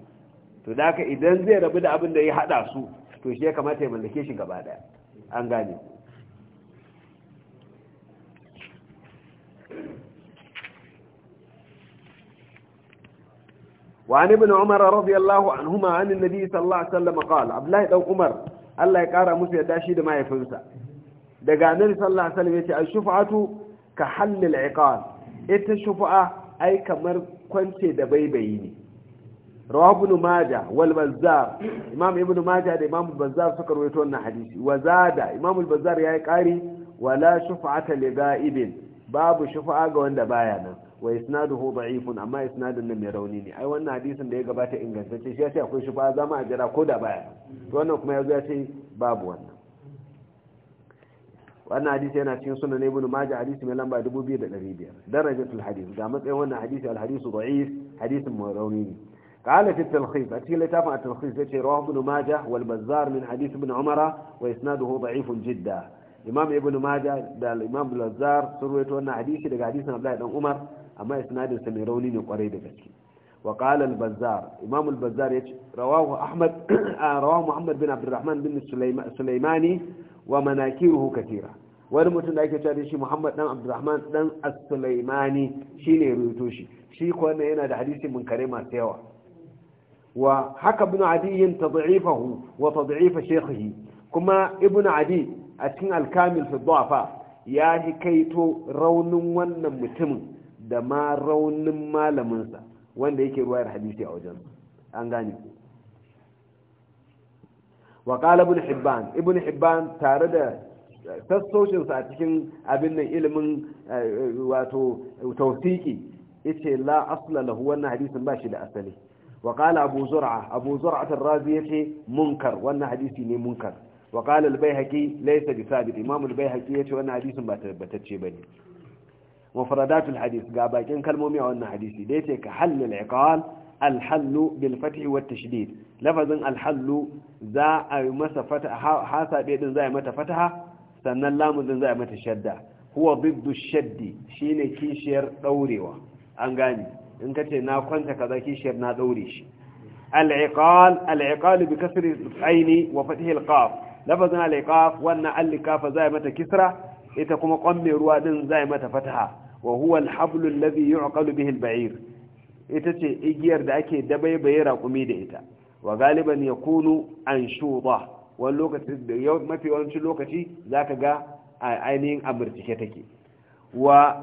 to da haka idan zai rabu da abin da ya hada su to shi ya kamata ya mallake shi gaba daya an gane وعن ابن عمر رضي الله عنهما عن النبي صلى الله عليه وسلم قال Abdullahi الله Umar, Allah ya يقرا musu ya dashi da mahaifinsa daga annabi sallallahu alaihi wasallam yace ashfa'atu ka hallil iqal ita shufa'a ai kamar kwance da baibayi ne rawahu ibn wal bazzar imam ibnu majah da imam bazzar suka rawaito wannan hadisi wa zada imam bazzar yayi kari wala shufa'ata li ga'ibin babu shufa'a ga wanda baya nan wa isnaduhu da'ifun amma isnadin nan mai rauni ne ai wannan hadisin da ya gabata ingantacce shi ya ce akwai shufa'a zama a jira ko da baya to wannan kuma yanzu ya ce babu wannan wannan hadisi yana cikin sunan ibn majah hadisi mai lamba 2500 darajatul hadis ga matsayin wannan hadisi al حديث da'if hadisin marauni ne قال في التلخيص أتيل تابع التلخيص يتي رواه ابن ماجه والبزار من حديث ابن عمر وإسناده ضعيف جدا إمام ابن ماجه قال الإمام البزار سرويت أن حديثي دا حديث عبد الله عمر أما إسناد سميروني نقري دكتي وقال البزار إمام البزار يتي رواه أحمد رواه محمد بن عبد الرحمن بن السليماني wa manakiruhu katira wani mutum da ake cewa da shi Muhammad dan Abdulrahman dan As-Sulaimani shine ya rubuto shi shi ko yana da hadisi mun kare masu yawa wa haka ibn Adi tad'ifahu wa tad'ifa shaykhihi kuma ibn Adi a cikin al-Kamil fi du'afa ya hikaito raunin wannan mutumin da ma raunin malaminsa wanda yake ruwayar hadisi a wajen an gane ku wa qala ibn hibban ibn tare da sassaucinsa a cikin abin nan ilimin eh, wato tausiki yace la asla lahu wannan hadisin ba shi da asali wa qala abu zur'a abu zur'a yace munkar wannan hadisi ne munkar wa qala al-baihaqi laysa bi sabit imam al-baihaqi yace wannan hadisin ba tabbatacce bane mufradatul hadis ga bakin kalmomi a wannan hadisi da yace ka halil iqal alhallu bil fathi wat tashdid lafazin alhallu za a yi masa fataha hasa din za a yi mata fataha sannan lamun din za a yi mata shadda huwa biddu shaddi shine kishiyar daurewa an gani in kace na kwanta kaza kishiyar na daure shi al'iqal al'iqal bi kasri al-aini wa fathi al lafazin al-iqaf wannan kafa za a yi mata kisra ita kuma kwamme ruwa din za a yi mata fataha wa huwa al-hablu alladhi yu'qalu bihi bair ita ce igiyar da ake dabaibaye raƙumi da ita wa galiban ya kunu an shuɗa wani lokaci da mafi yawancin lokaci za ka ga ainihin amurtike take wa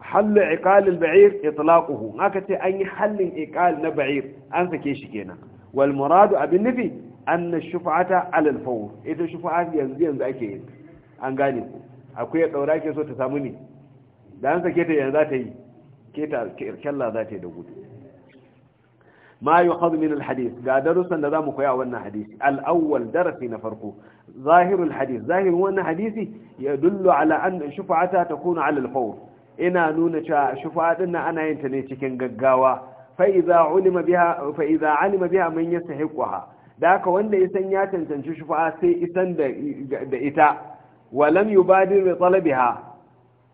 hallu iqalil ba'ir itlaquhu haka ce an yi hallin iqal na ba'ir an sake shi kenan wal muradu abin nufi an shufa'ata alal fawr ita shufa'a yanzu yanzu ake yin an gane ku akwai ya daura ke so ta samu ne da an sake ta yanzu za ta yi keta irkalla za ta yi da gudu ma yi min alhadis ga darussan da za mu koya wannan hadisi al'awwal darasi na farko zahirul hadis zahirin wannan hadisi ya dullu ala an shufa'ata ta kuna alal ina nuna cewa shufa'a ana yin ta ne cikin gaggawa fa'iza ulima biha fa'iza alima biha man da haka wanda ya san ya cancanci shufa'a sai isan da ita walam yubadir bi talabiha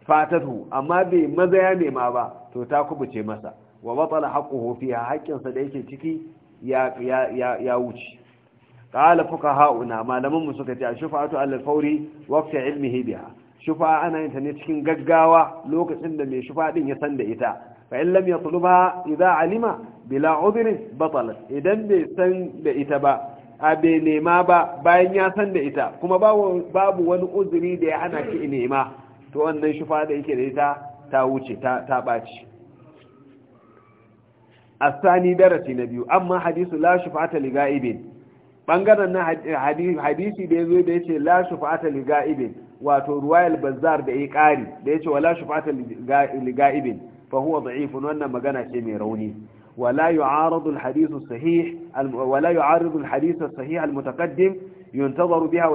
fatatu amma bai maza ya nema ba to ta kubuce masa wa batala haqquhu fiha haƙƙinsa da yake ciki ya ya ya wuce qala fuqaha'una malaman mu suka ce shufa'atu al-fawri waqta ilmihi biha shufa'a ana yin ta ne cikin gaggawa lokacin da mai shufa din ya san da ita fa in lam yatluba idza alima bila udhrin batalat idan bai san da ita ba a bai nema ba bayan ya san da ita kuma babu wani uzuri da ya hana ki nema to wannan shufa da yake da ita ta wuce ta ɓaci a sani darasi na biyu amma hadisu la shufata li ga'ibin bangaren na hadisi da ya zo da ya ce la shufata li ga'ibin wato ruwayal bazar da ya kari da ya ce wa la shufata li ga'ibin fa huwa da'ifun wannan magana ce mai rauni wala ولا يعارض الحديث الصحيح ولا يعارض الحديث الصحيح المتقدم ينتظر بها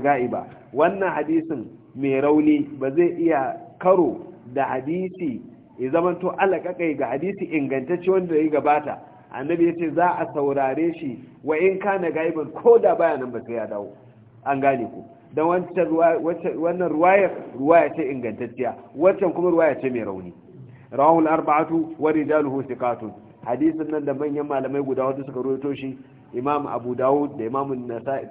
ga'iba wannan غائبا mai rauni ba zai iya karo. da hadisi ya zamanto alaƙaƙai ga hadisi ingantacce wanda ya gabata annabi ya ce za a saurare shi wa in kana gaiban ko da baya nan ba sai ya dawo an gane ku Da wannan ruwaya ruwaya ce ingantacciya wancan kuma ruwaya ce mai rauni Rahul arba'atu wa rijaluhu thiqatun hadisin nan da manyan malamai guda wata suka rawaito shi imam abu dawud da imam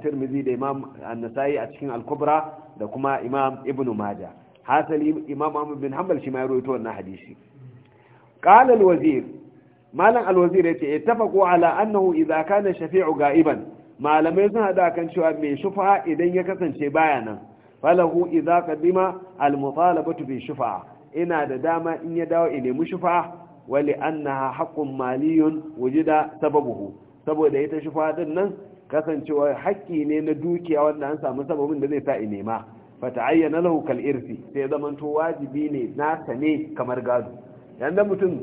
tirmidhi da imam an-nasa'i a cikin Alkubra da kuma imam ibnu majah hasali imam ahmad bin hanbal shi ma ya rawaito wannan hadisi qala al-wazir malam al-wazir yace ittafaqu ala annahu idza kana shafi'u ga'iban malamai sun hada kan cewa mai shufa idan ya kasance baya nan falahu idza qadima almutalabatu bi shufa'a ina da dama in ya dawo ya nemi shufa'a wali annaha haqqun maliyun wujida sababuhu saboda ita shufa din nan kasancewa haƙƙi ne na dukiya wanda an samu sababin da zai sa i nema fata'ayyana lahu kal irsi sai zamanto wajibi ne ta ne kamar gado yan da mutum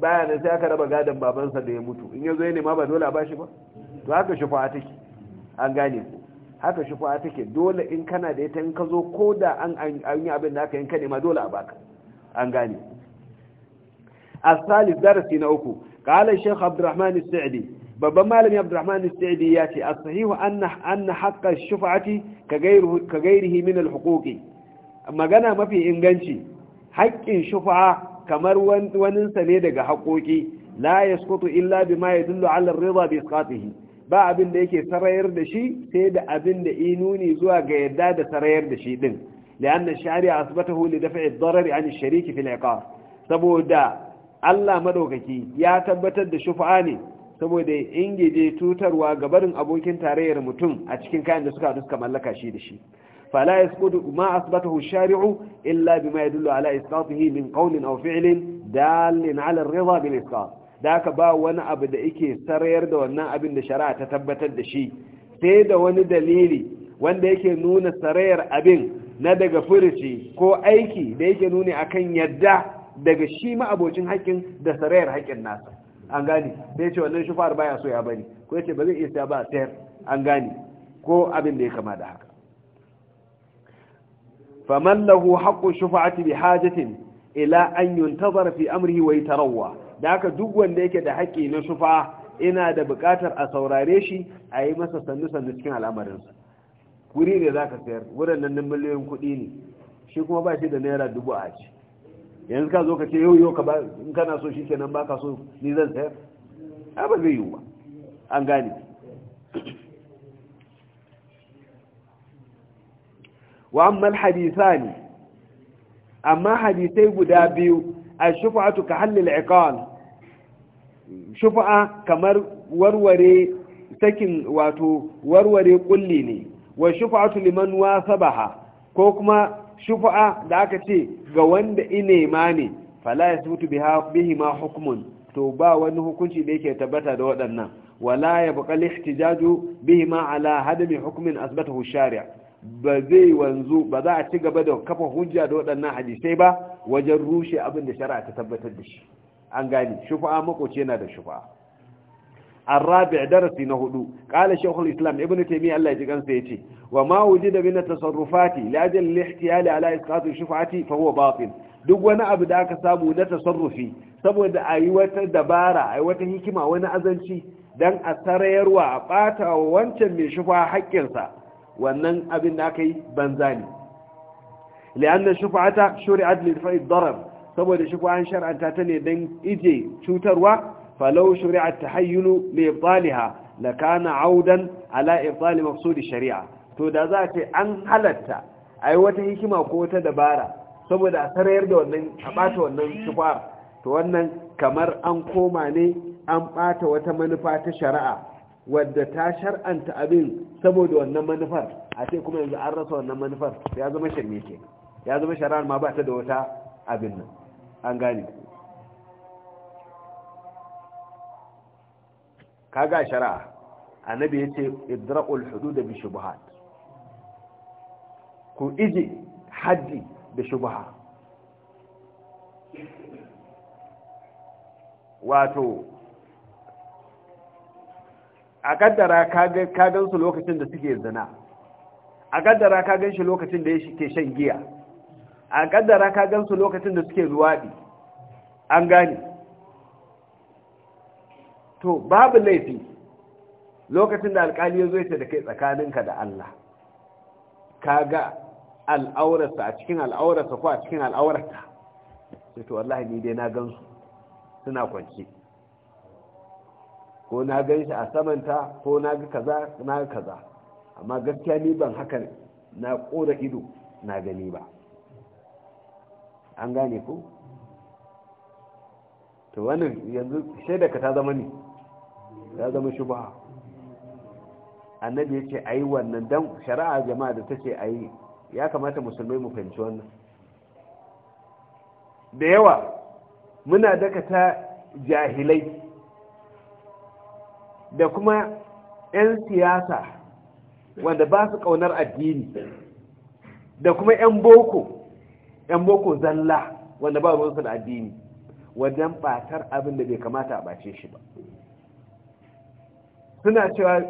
baya ne sai aka raba gadon babansa da ya mutu in yazo ya nema ba dole a bashi ba to haka shufa'a take an gane ku haka shufa'a take dole in kana da ita in ka zo ko da an an yi abin da aka yanka ne ma dole a baka an gane as-salis darasi na uku qala shaykh abdurrahman as-sa'di babban malami abdurrahman sa'idi ya ce as-sahihu anna anna haqqa shufa'ati ka ka gairihi min al-huquqi magana mafi inganci haƙƙin shufa'a kamar waninsa ne daga haƙoƙi la yasqutu illa bima yadullu ala ar-ridha bi isqatihi ba abin da yake sarayar da shi sai da abin da inuni zuwa ga yadda da sarayar da shi din لأن الشارع أثبته لدفع الضرر عن الشريك في العقاب saboda Allah madaukaki ya tabbatar da shufa'a ne saboda ingije tutarwa ga barin abokin tarayyar mutum a cikin kayan da suka haɗu suka mallaka shi da shi fala yasqutu ma asbatahu shari'u illa bima yadullu ala isqatihi min qawlin aw fi'lin dalin ala ridha bil isqat da ka ba wani abu da yake sarayar da wannan abin da shari'a ta tabbatar da shi sai da wani dalili wanda yake nuna sarayar abin na daga furuci ko aiki da yake nuni akan yadda daga shi ma abocin haƙƙin da sarayar haƙƙin nasa an gani sai ce wannan shufar baya so ya bani ko yace ba zai iya ba sayar an gani ko abin da ya kama da haka faman lahu haqqu shufa'ati bi hajatin ila an yuntazara fi amrihi wa yatarawwa da haka duk wanda yake da haƙi na shufa ina da buƙatar a saurare shi a yi masa sannu sannu cikin al'amarinsa wuri ne zaka sayar wurin nan miliyoyin kuɗi ne shi kuma ba shi da naira dubu a ci yanzu ka zo ka ce yau yau ka ba in kana so shi nan ba ka so ni zan sayar a ba zai yiwu ba an gane wa amma hadisa ne amma hadisai guda biyu a shufa'atu ka hallil iqal shufa'a kamar warware sakin wato warware kulli ne wa shufa'atu liman wasabaha ko kuma shufa'a da aka ce ga wanda inema ne fala ya sutu bihi ma hukumun to ba wani hukunci da yake tabbata da waɗannan wala ya buƙal ihtijaju bihi ma ala hadami hukumin asbatahu shari'a ba zai wanzu ba za a ci gaba da kafa hujja da waɗannan hadisai ba wajen rushe abin da shari'a ta tabbatar da shi an gani shufa'a makoci yana da shufa'a الرابع درس نهدو قال شيخ الإسلام ابن تيمية الله يجيكم سيتي وما وجد من التصرفات لأجل الاحتيال على إسقاط الشفعة فهو باطل duk wani abu da aka samu na tasarrufi saboda a yi wata dabara a yi wata hikima wani azanci don a sarayarwa a ɓata wa wancan mai shufa haƙƙinsa wannan abin da aka yi banza ne li'anna shufa'ata shuri'at lil saboda shufa an ta ne don ajiye cutarwa falau shari'a tahayyulu li ibtaliha lakana audan ala ibtali maqsudi shari'a to da za ce an halatta ai hikima ko wata dabara saboda a sarayar da wannan a ɓata wannan shufar to wannan kamar an koma ne an ɓata wata manufa ta shari'a wadda ta shar'anta abin saboda wannan manufar a ce kuma yanzu an rasa wannan manufar ya zama shirme ke ya zama shari'ar ma ba ta da wata abin nan an gane kaga shari'a annabi ya ce idra'ul hudud bi shubhat ku iji haddi da shubha wato a kaddara kagan su lokacin da suke zina a kaddara kagan shi lokacin da ke shan giya a kaddara kagan su lokacin da suke zuwaɗi, an gane to babu laifi lokacin da alkali ya zo ya ce da kai tsakaninka da Allah ka ga al'aurarsa a cikin al'aurarsa ko a cikin al'aurarta sai to wallahi ni dai na gansu suna kwance ko na gan shi a samanta ko na ga kaza na ga kaza amma gaskiya ni ban haka na kora ido na gani ba an gane ku to wannan yanzu shaidaka ta zama ne ya zama ba annabi yace ayi wannan dan shari'a jama'a da tace ayi ya kamata musulmai mu fahimci wannan da yawa muna dakata jahilai da kuma 'yan siyasa wanda ba su ƙaunar addini da kuma 'yan boko 'yan boko zalla wanda ba su da addini wajen ɓatar abin da bai kamata a bace shi ba suna cewa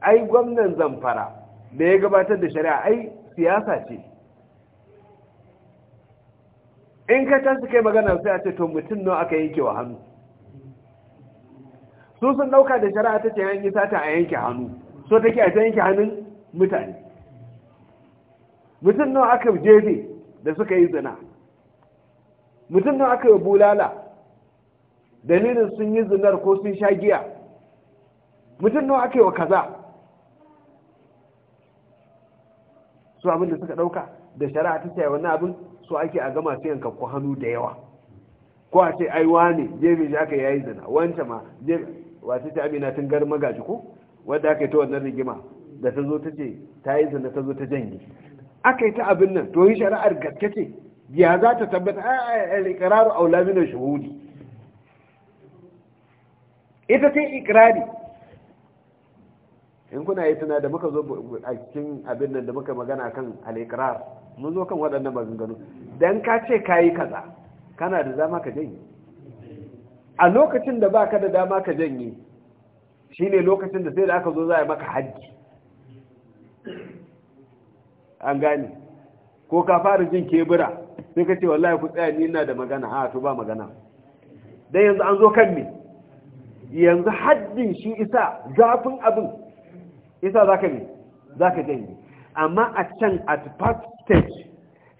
ai gwamnan zamfara da ya gabatar da shari'a ai siyasa ce in ka tasu kai magana sai a ce to mutum nawa aka yanke wa hannu su sun dauka da shari'a ta ce yanki sata a yanke hannu so take a ta yanke hannun mutane mutum nawa aka jefe da suka yi zina mutum nawa aka yi bulala dalilin sun yi zinar ko sun sha giya mutum nawa ake wa kaza su abin da suka ɗauka da shari'a ta tsaye wannan abin su ake a gama su yanka hannu da yawa ko a ce ai wane jebe shi aka yayi zina wanta ma wata ce amina tun gar magaji ko wadda aka yi ta wannan rigima da ta zo ta ce ta yi zina ta zo ta janye aka yi ta abin nan to yi shari'ar gaske ce ya za ta tabbata a ikiraru aula min shuhudi ita ce ikirari in kuna yi tuna da muka zo a cikin abin nan da muka magana kan al'ikirar mun zo kan waɗannan maganganu don ka ce ka yi kaza kana da dama ka janye a lokacin da baka da dama ka janye shine lokacin da sai da aka zo za a yi maka hajji an gane ko ka fara jin kebura sai ka ce wallahi ku tsaya ni ina da magana a to ba magana dan yanzu an zo kan me yanzu haddin shi isa zafin abin isa yasa ka ne ka janye amma a can at first stage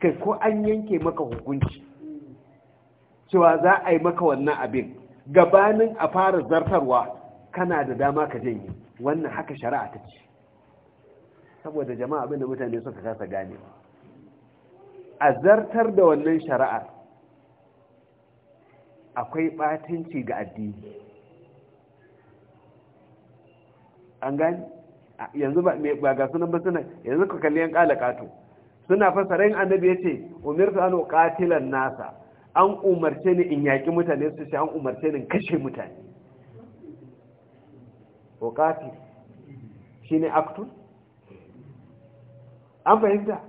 kai ko an yanke maka hukunci cewa za a yi maka wannan abin gabanin a fara zartarwa kana da dama ka janye wannan haka shari'a ta ce saboda jama'a abin da mutane suka kasa gane, a zartar da wannan shari'a akwai batanci ga addini an gani yanzu ba ga sunan ba suna yanzu ka kalli yan kala kato suna fassara in annabi Umar su an katilan nasa an umarce ni in yaƙi mutane su ce an umarce ni kashe mutane ko shi shine aktun? an fahimta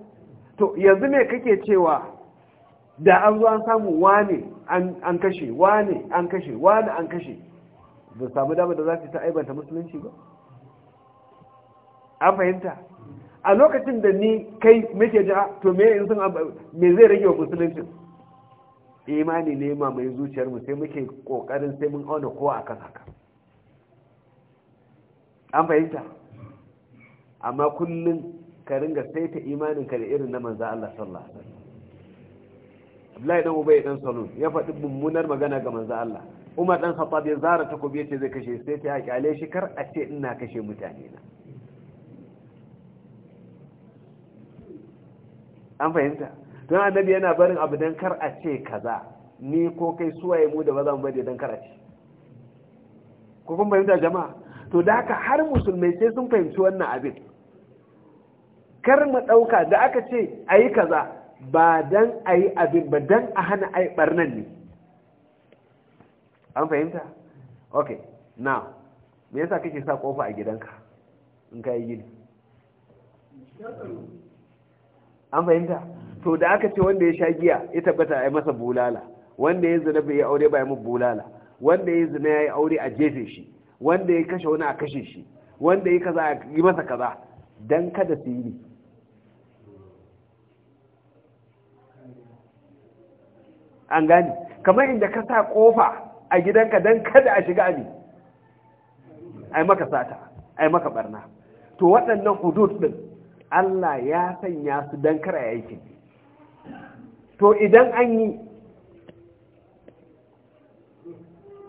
to yanzu me kake cewa da an zo an samu wane an kashe wane an kashe wane an kashe ba samu dama da za ta aibanta musulunci ba an fahimta a lokacin da ni kai muke ji to me sun me zai rage wa musulunci imani ne ma mai zuciyar mu sai muke kokarin sai mun auna kowa a kan haka an fahimta amma kullum ka ringa saita imanin ka da irin na manzo Allah sallallahu alaihi Abdullahi dan Ubay dan ya faɗi mummunar magana ga manzo Allah Umar ɗan Khattab ya zara takobi ce zai kashe sai ta a kyale shi kar a ce ina kashe mutane na an fahimta don annabi yana barin abu don kar a ce kaza ni ko kai suwaye mu da ba za mu bade don kar a ce ko kun fahimta jama'a to da haka har musulmai sai sun fahimci wannan abin kar mu ɗauka da aka ce a yi kaza ba don a yi abin ba don a hana a yi ɓarnan ne an fahimta? ok now me yasa kake sa kofa a gidanka in ka yi gini an fahimta to da aka ce wanda ya sha giya ya tabbata a yi masa bulala wanda ya zina bai aure ba ya mun bulala wanda ya zina ya yi aure a jefe shi wanda ya kashe wani a kashe shi wanda ya kaza a yi masa kaza don kada su yi an gani kamar inda ka sa kofa a gidanka don kada a shiga ne ai maka sata ai maka barna to waɗannan hudud din Allah ya sanya su don kara aikin to idan an yi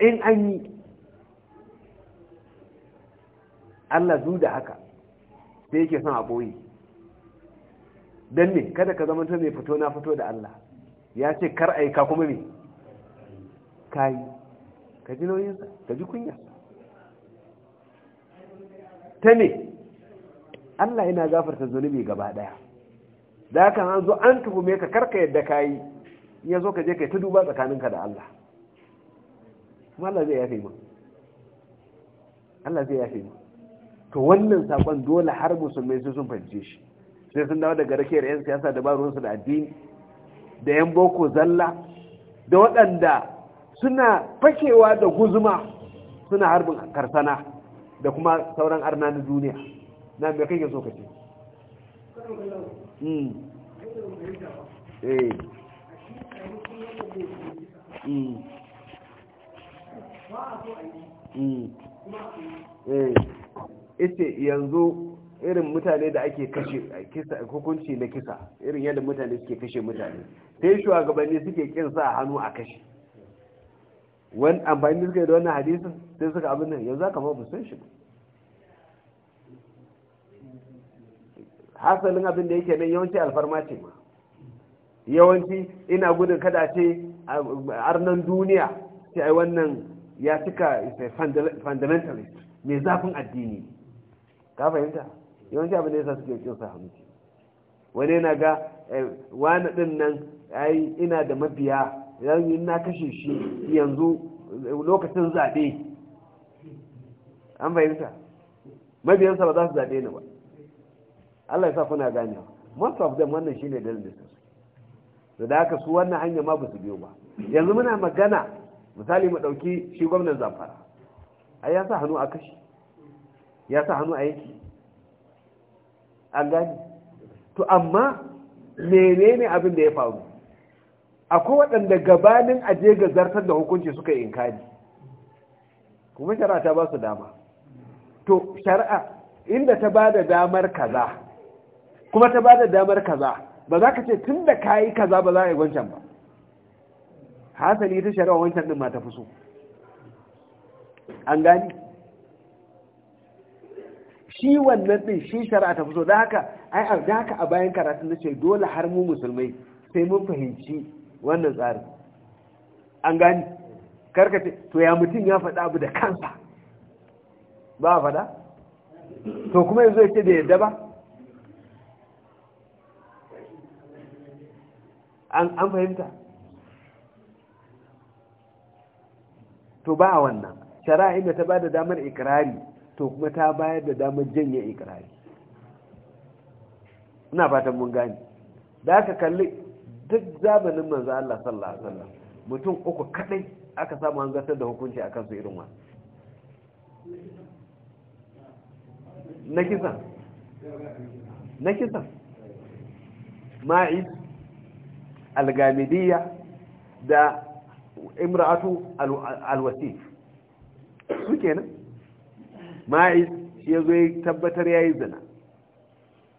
in an yi Allah zu da haka sai yake son a ɓoye don ne kada ka zama mai fito na fito da Allah ya ce kar aika kuma ne yi, ka ji nauyinsa ka ji kunya ta ne Allah yana gafarta zunubi gaba ɗaya. da haka an zo an tuhume ka karka yadda kayi ya zo ka je kai ta duba tsakaninka da Allah kuma Allah zai yafe mu Allah zai yafe mu to wannan sakon dole har musulmai sai sun fahimce shi sai sun dawo daga rakiyar yan siyasa da su da addini da yan boko zalla da waɗanda suna fakewa da guzuma suna harbin karsana da kuma sauran arna na duniya na me kake so kace hmm. eh. hmm. hmm. eh. ita yanzu irin mutane da ake kashe kisa hukunci na kisa irin yadda mutane suke kashe mutane sai shugabanni suke kin sa hannu a kashe wani amfani suka yi da wannan hadisun sai suka abin nan yanzu aka ma san shi ba hasalin abin da yake nan yawanci alfarma ce ma yawanci ina gudun kada ce arnan duniya ce ai wannan ya cika eh, fundamentalist mai zafin addini ka fahimta yawanci abin da ya sa su kin sa hamsi wani yana ga eh, wani din nan ai ina da mabiya yanzu na kashe shi yanzu lokacin zaɓe an fahimta mabiyansa ba za su zaɓe ni ba Allah ya sa kuna ganewa most of them wannan shine dalilin su da haka su wannan hanya ma ba su biyo ba yanzu muna magana misali mu dauki shi gwamnan zamfara ai ya sa hannu a kashi ya sa hannu a yanki. an gani to amma menene abin da ya faru akwai waɗanda gabanin aje ga zartar da hukunci suka yi inkari kuma shari'a ta ba su dama to shari'a inda ta ba da damar kaza kuma ta ba da damar kaza ba za ka ce tun da ka yi kaza ba za a yi wancan ba hasali ta shari'a wancan ɗin ma ta fi so an gani shi wannan ɗin shi shari'a ta fi so da haka ai da haka a bayan karatu na ce dole har mu musulmai sai mun fahimci wannan tsari. an gani karkace to ya mutum ya faɗa abu da kansa ba a faɗa to kuma yanzu ya ce da yadda ba an fahimta to ba a wannan shari'a inda ta ba da damar ikirari to kuma ta bayar da damar janye ikirari ina fatan mun gani da aka kalli duk zamanin manzo Allah sallallahu alaihi wasallam mutum uku kadai aka samu an da hukunci akan su irin wannan na kisan na kisan ma'is algamidiyya da imra'atu alwasif su kenan ma'iz shi ya zo tabbatar ya yi zina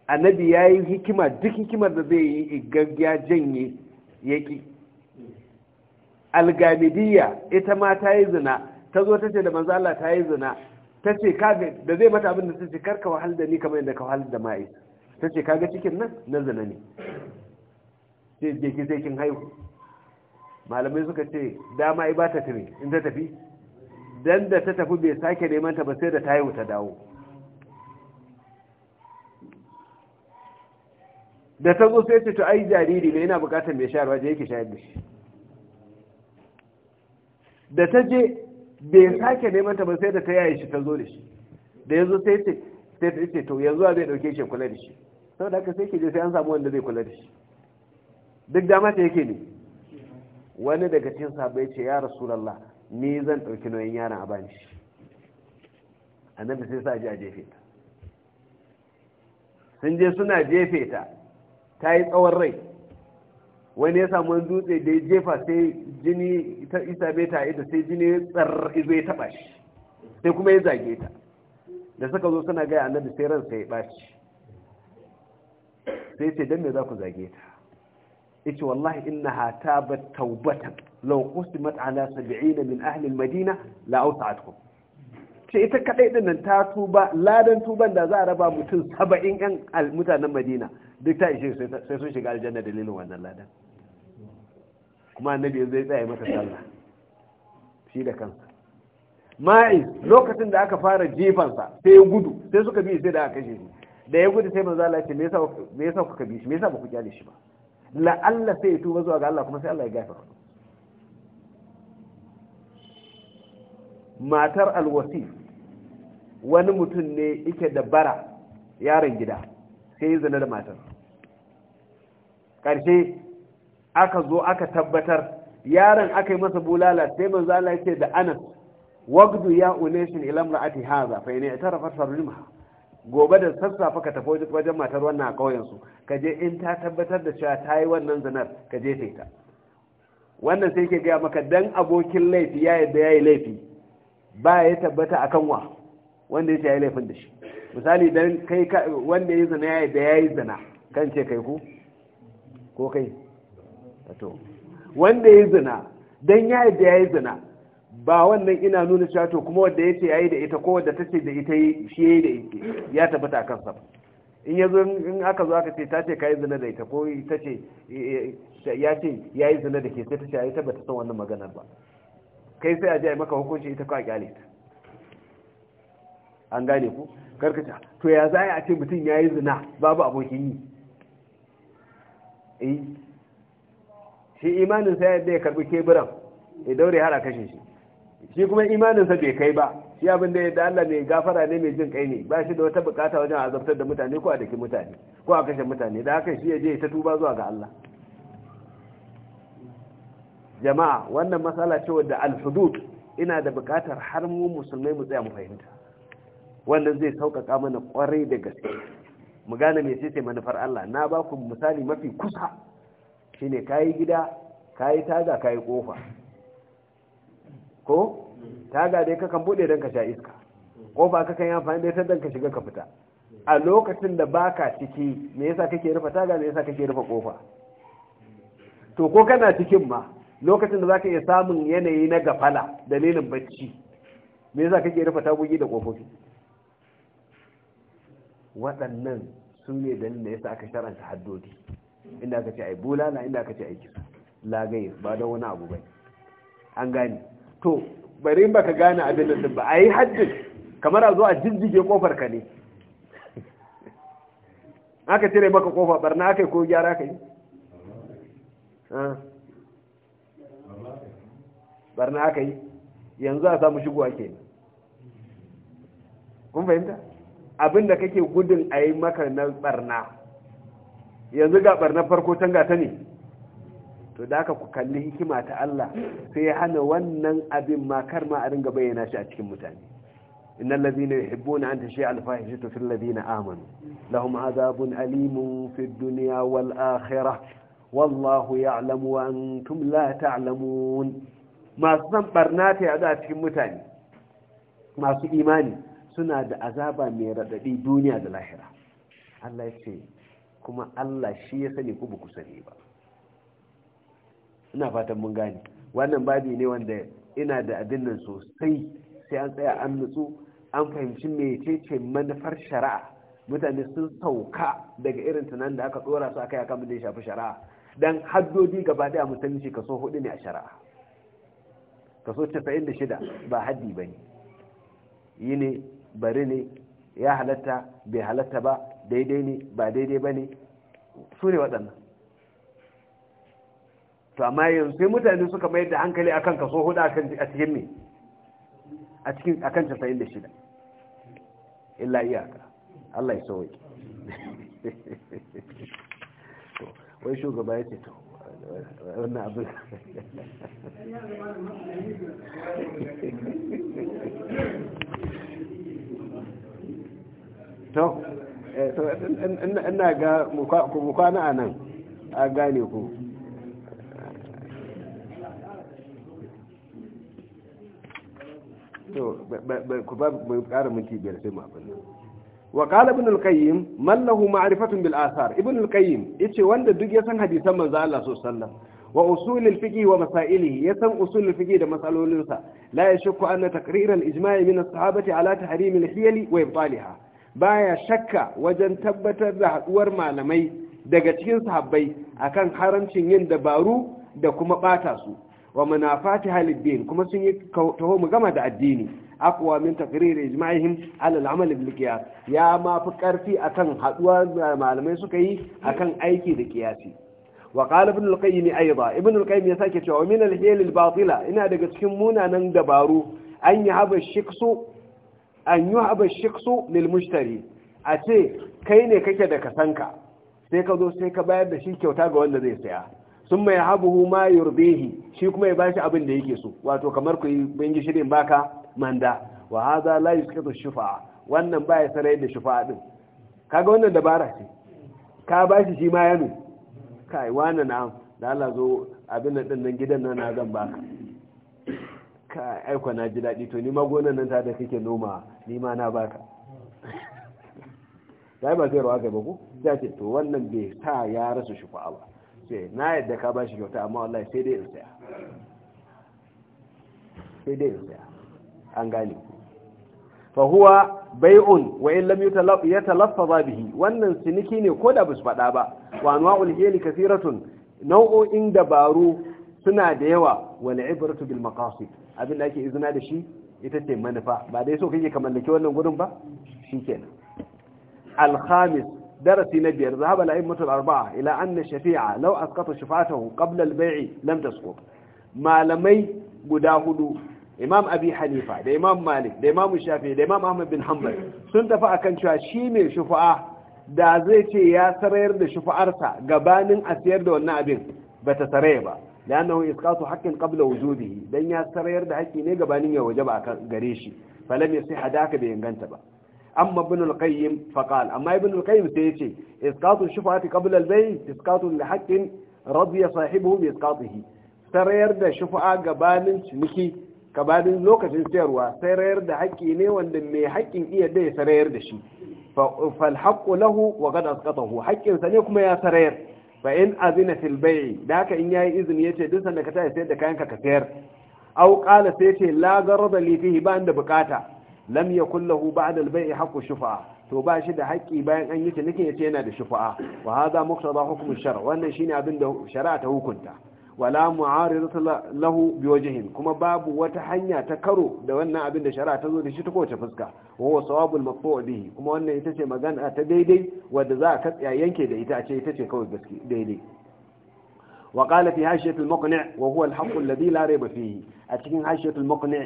annabi ya yi hikima duk hikimar da zai yi igaggiya janye yaƙi algamidiyya ita ma ta yi zina ta zo ta ce da manzo Allah ta yi zina ta ce kaga da zai mata abin da ta ce karka wahal da ni kamar yadda ka wahal da ma'iz ta ce kaga cikin nan na zina ne sai ki sai kin haihu malamai suka ce dama ai ba ta tuni in ta tafi dan da ta tafi bai sake neman ta ba sai da ta haihu ta dawo da ta zo sai ce to ai jariri ne yana bukatar mai shayarwa je yake shayar da shi da ta je bai sake neman ta ba sai da ta yaye shi ta zo da shi da yanzu sai ce sai ta ce to yanzu zai dauke shi kula da shi saboda haka sai ke je sai an samu wanda zai kula da shi duk dama ta yake ne wani daga cikin sabai ce ya rasulallah ni zan ɗauki nauyin yaron a bani shi annabi sai sa ji a jefe ta sun je suna jefe ta ta yi tsawon rai wani ya samu dutse da ya jefa sai jini ta isa bai ta ido sai jini tsar izo ya shi sai kuma ya zage ta da suka zo suna gaya annabi sai ran sai ya ɓaci sai ce don me za ku zage ta yace wallahi innaha tabat taubatan law qusimat ala 70 min ahli almadina la awsa'atkum ce ita kadai din nan ta tuba ladan tuban da za a raba mutum 70 yan mutanen Madina duk ta ishe sai sun shiga aljanna dalilin wannan ladan kuma annabi yanzu ya tsaya mata sallah shi da kansa ma'i lokacin da aka fara jefansa sai ya gudu sai suka bi sai da aka kashe shi da ya gudu sai manzo Allah ya ce me yasa me yasa kuka bi shi me yasa ba ku kyale shi ba la'alla sai ya tuba zuwa ga Allah kuma sai Allah ya gafara matar alwasi wani mutum ne yake da bara yaron gida sai zina da matar ƙarshe aka zo aka tabbatar yaron aka yi masa bulala sai manzo Allah ya da Anas wagdu ya unashin ila imra'ati haza fa in i'tarafat farjumha gobe da sassafe ka tafi wajen matar wannan a ƙauyensu ka je in ta tabbatar da cewa ta yi wannan zinar ka je ta ita wannan sai ke gaya maka dan abokin laifi ya yadda ya yi laifi ba ya tabbata a kanwa wanda ya ce ya yi laifin da shi misali dan kai wanda ya zina ya yadda ya yi zina kan ce kai ku ko kai wanda ya zina dan ya yadda ya yi zina ba wannan ina nuna cewa to kuma wanda yace yayi da ita ko wanda tace da ita shi yayi da ita ya tabbata a kansa in yazo in aka zo aka ce ta ce kai zina da ita ko ita eh, ce ya ce yayi zina da ke sai ta ce ai tabbata san wannan maganar ba kai sai a ji maka hukunci ita ka kyale ta an gane ku karkata to ya za a ce mutum yayi zina babu abokin yi eh shi imanin sai ya karbi kebiran ya daure har a kashe shi shi kuma imaninsa bai kai ba shi abin da ya Allah ne gafara ne mai jin kai ne ba shi da wata bukata wajen azabtar da mutane ko a daki mutane ko a kashe mutane da haka shi ya je ta tuba zuwa ga Allah jama'a wannan matsala ce wadda al-hudud ina da bukatar har mu musulmai mu tsaya mu fahimta wannan zai sauƙaƙa mana kwarai da gaske mu gane me sai manufar Allah na ba ku misali mafi kusa shine kayi gida kayi taga kayi kofa ko taga dai kakan bude don ka sha iska kofa kakan yi amfani da ya don ka shiga ka fita a lokacin da baka ciki me yasa kake rufe taga me yasa kake rufe kofa to ko kana cikin ma lokacin da zaka iya samun yanayi na gafala dalilin bacci me yasa kake rufe tagogi da kofofi waɗannan sun ne dalilin da yasa aka sharanta haddodi inda aka ce ai bulala inda aka ce ai kisa ba da wani abu bai an gane to bari ba ka gane abin da ba a yi haddi, kamar a zo a jijjige kofar ka ne [laughs] aka cire maka kofa barna aka yi ko gyara ka yi barna aka yi yanzu a samu shigowa ke kun fahimta abin da kake gudun a yi maka na barna yanzu ga barna farko can gata ta ne to da ka ku kalli hikima ta Allah sai ya hana wannan abin makar ma a ringa bayyana shi a cikin mutane inna allazina yuhibbuna an tashia al fil ladina amanu lahum adhabun alimun fid dunya wal akhirah wallahu ya'lamu wa antum la ta'lamun masu san barna ta yadda a cikin mutane masu imani suna da azaba mai radadi duniya da lahira Allah ya ce kuma Allah shi ya sani ku ba ku sani ba ina fatan mun gane wannan babi ne wanda ina da abin nan sosai sai an tsaya an nutsu an fahimci mecece manufar shari'a mutane sun sauka daga irin tunanin da aka tsora su aka yi akan da ya shafi shari'a dan haddodi gaba daya musulunci kaso hudu ne a shari'a kaso 96 ba haddi bane yi ne bari ne ya halatta bai halatta ba daidai ne ba daidai bane su ne waɗannan to amma yanzu sai mutane suka mayar da hankali akan kaso hudu a cikin me a cikin akan shida. illa iyaka Allah ya sauke [laughs] to wai shugaba ce to wannan abin [laughs] to eh, ina ga mukwana a nan a gane ku to ku ba mu ƙara minti biyar sai mu abin wa qala ibn al-qayyim man lahu ma'rifatun bil athar ibn al-qayyim yace wanda duk ya san hadisan manzo Allah sallallahu alaihi wa usul al-fiqh wa masailihi ya san usul al-fiqh da masalolinsa la yashku anna taqrir al-ijma' min as-sahabati ala tahrim al-hiyal wa ibtaliha baya shakka wajen tabbatar da haduwar malamai daga cikin sahabbai akan haramcin yin dabaru da kuma bata su wa munafatiha lid kuma sun yi taho mu gama da addini aqwa min taqrir ijma'ihim 'ala amal bil qiyas ya ma fi karfi akan haduwa malamai suka yi akan aiki da qiyasi wa qala ibn al-qayyim ayda ibn al-qayyim ya sake cewa min al hayl al-batila ina daga cikin munanan dabaru an haba shiksu an haba shiksu lil mushtari a ce kai ne kake da kasanka sai ka zo sai ka bayar da shi kyauta ga wanda zai saya sun mai habuhu ma yorbehi? shi kuma ya bashi abin da yake so wato kamar ku yi bin ba baka manda wa hadha la yusqitu shufa'a wannan baya sarai da shufa'a din kaga wannan dabara ce ka bashi shi ma yanu kai wannan na da Allah zo abin nan din nan gidan nan na zan baka ka aiko na ji daɗi to ni ma gonan nan ta da kike noma ni ma na baka dai [laughs] ba zai rawa ga ko ya ce to wannan bai ta ya rasa shufa'a ba ce na yadda ka ba shi kyauta amma wallahi sai dai in saya sai dai in saya an gane fa huwa bai'un wa in lam yatalaffaza bihi wannan siniki ne ko da bus faɗa ba wa anwa'ul hili kathiratun nau'o'in dabaru suna da yawa wal ibratu bil maqasid abin da ake izina da shi ita ce manufa ba dai so kake ka mallaki wannan gurin ba shikenan al khamis darasi na biyar zahaba la'immatu al-arba'a ila anna shafi'a law asqata shafa'atahu qabla al-bay'i malamai guda hudu imam abi hanifa da imam malik da imam shafi'i da imam ahmad bin hanbal sun tafi akan cewa shi mai shufa'a da zai ce ya sarayar da shufa'arsa gabanin a sayar da wannan abin bata saraye ba لأنه إسقاط حق قبل وجوده دنيا سرير ده حكي ya بانين يوجب gare shi falam ya sai hadaka bai inganta ba amma ibn al-qayyim faqal amma ibn al-qayyim sai yace isqatu shufa'ati qabla al-bay isqatu li haqqin radiya sahibuhu bi isqatihi sarayar da shufa'a gabanin ciniki gabanin lokacin sayarwa sarayar da haƙƙi ne wanda mai haƙƙin iya da sarayar da shi fal haqqu lahu wa qad asqatahu sa ne kuma ya sarayar fa in azina fil bay da haka in yayi izini yace duk sanda ka tayi sayar da kayan ka ka sayar au qala sai la garaba li fihi ba inda bukata lam yakul lahu ba'da al-bay'i haqqu shufa'a to ba shi da haƙi bayan an yi cinikin yace yana da shufa'a wa hadha muqtada hukm ash-shar wannan shine abin da shari'a ta hukunta wala mu'aridat lahu biwajhin kuma babu wata hanya ta karo da wannan abin da shari'a ta zo da shi ta kowace fuska wa huwa sawabul maqtu' bihi kuma wannan ita ce magana ta daidai wanda za a katsaya yanke da ita ce ita ce kawai gaske daidai وقال في هاشية المقنع وهو الحق الذي لا a cikin أتكين هاشية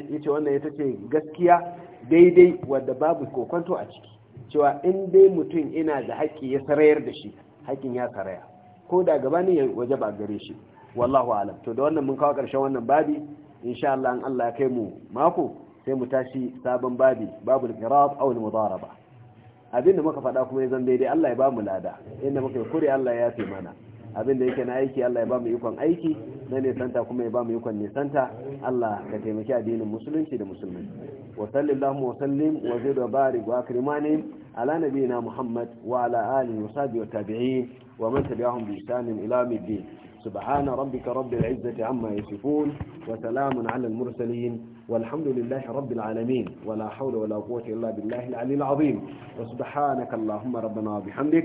yace wannan ita ce gaskiya. daidai wadda babu kokonto a ciki cewa in dai mutum ina da haƙƙi ya sarayar da shi haƙƙin ya saraya ko da gaba ne waje ba gare shi wallahu alam to da wannan mun kawo ƙarshen wannan babi insha Allah an Allah ya kai mu mako sai mu tashi sabon babi babu al-qirab aw al-mudaraba abinda muka faɗa kuma ya zan daidai Allah ya ba mu lada inda muka yi kure Allah ya fi mana abin da yake na aiki Allah ya ba mu ikon aiki na nisanta kuma ya ba mu ikon nisanta Allah ka taimaki addinin musulunci da musulmai wa sallallahu wa sallim wa zid wa barik wa akrimani ala nabiyina Muhammad wa ala alihi wa sahbihi wa tabi'in wa man tabi'ahum bi ihsan ila yawmiddin سبحان ربك رب العزة عما يصفون وسلام على المرسلين والحمد لله رب العالمين ولا حول ولا قوة إلا بالله العلي العظيم وسبحانك اللهم ربنا وبحمدك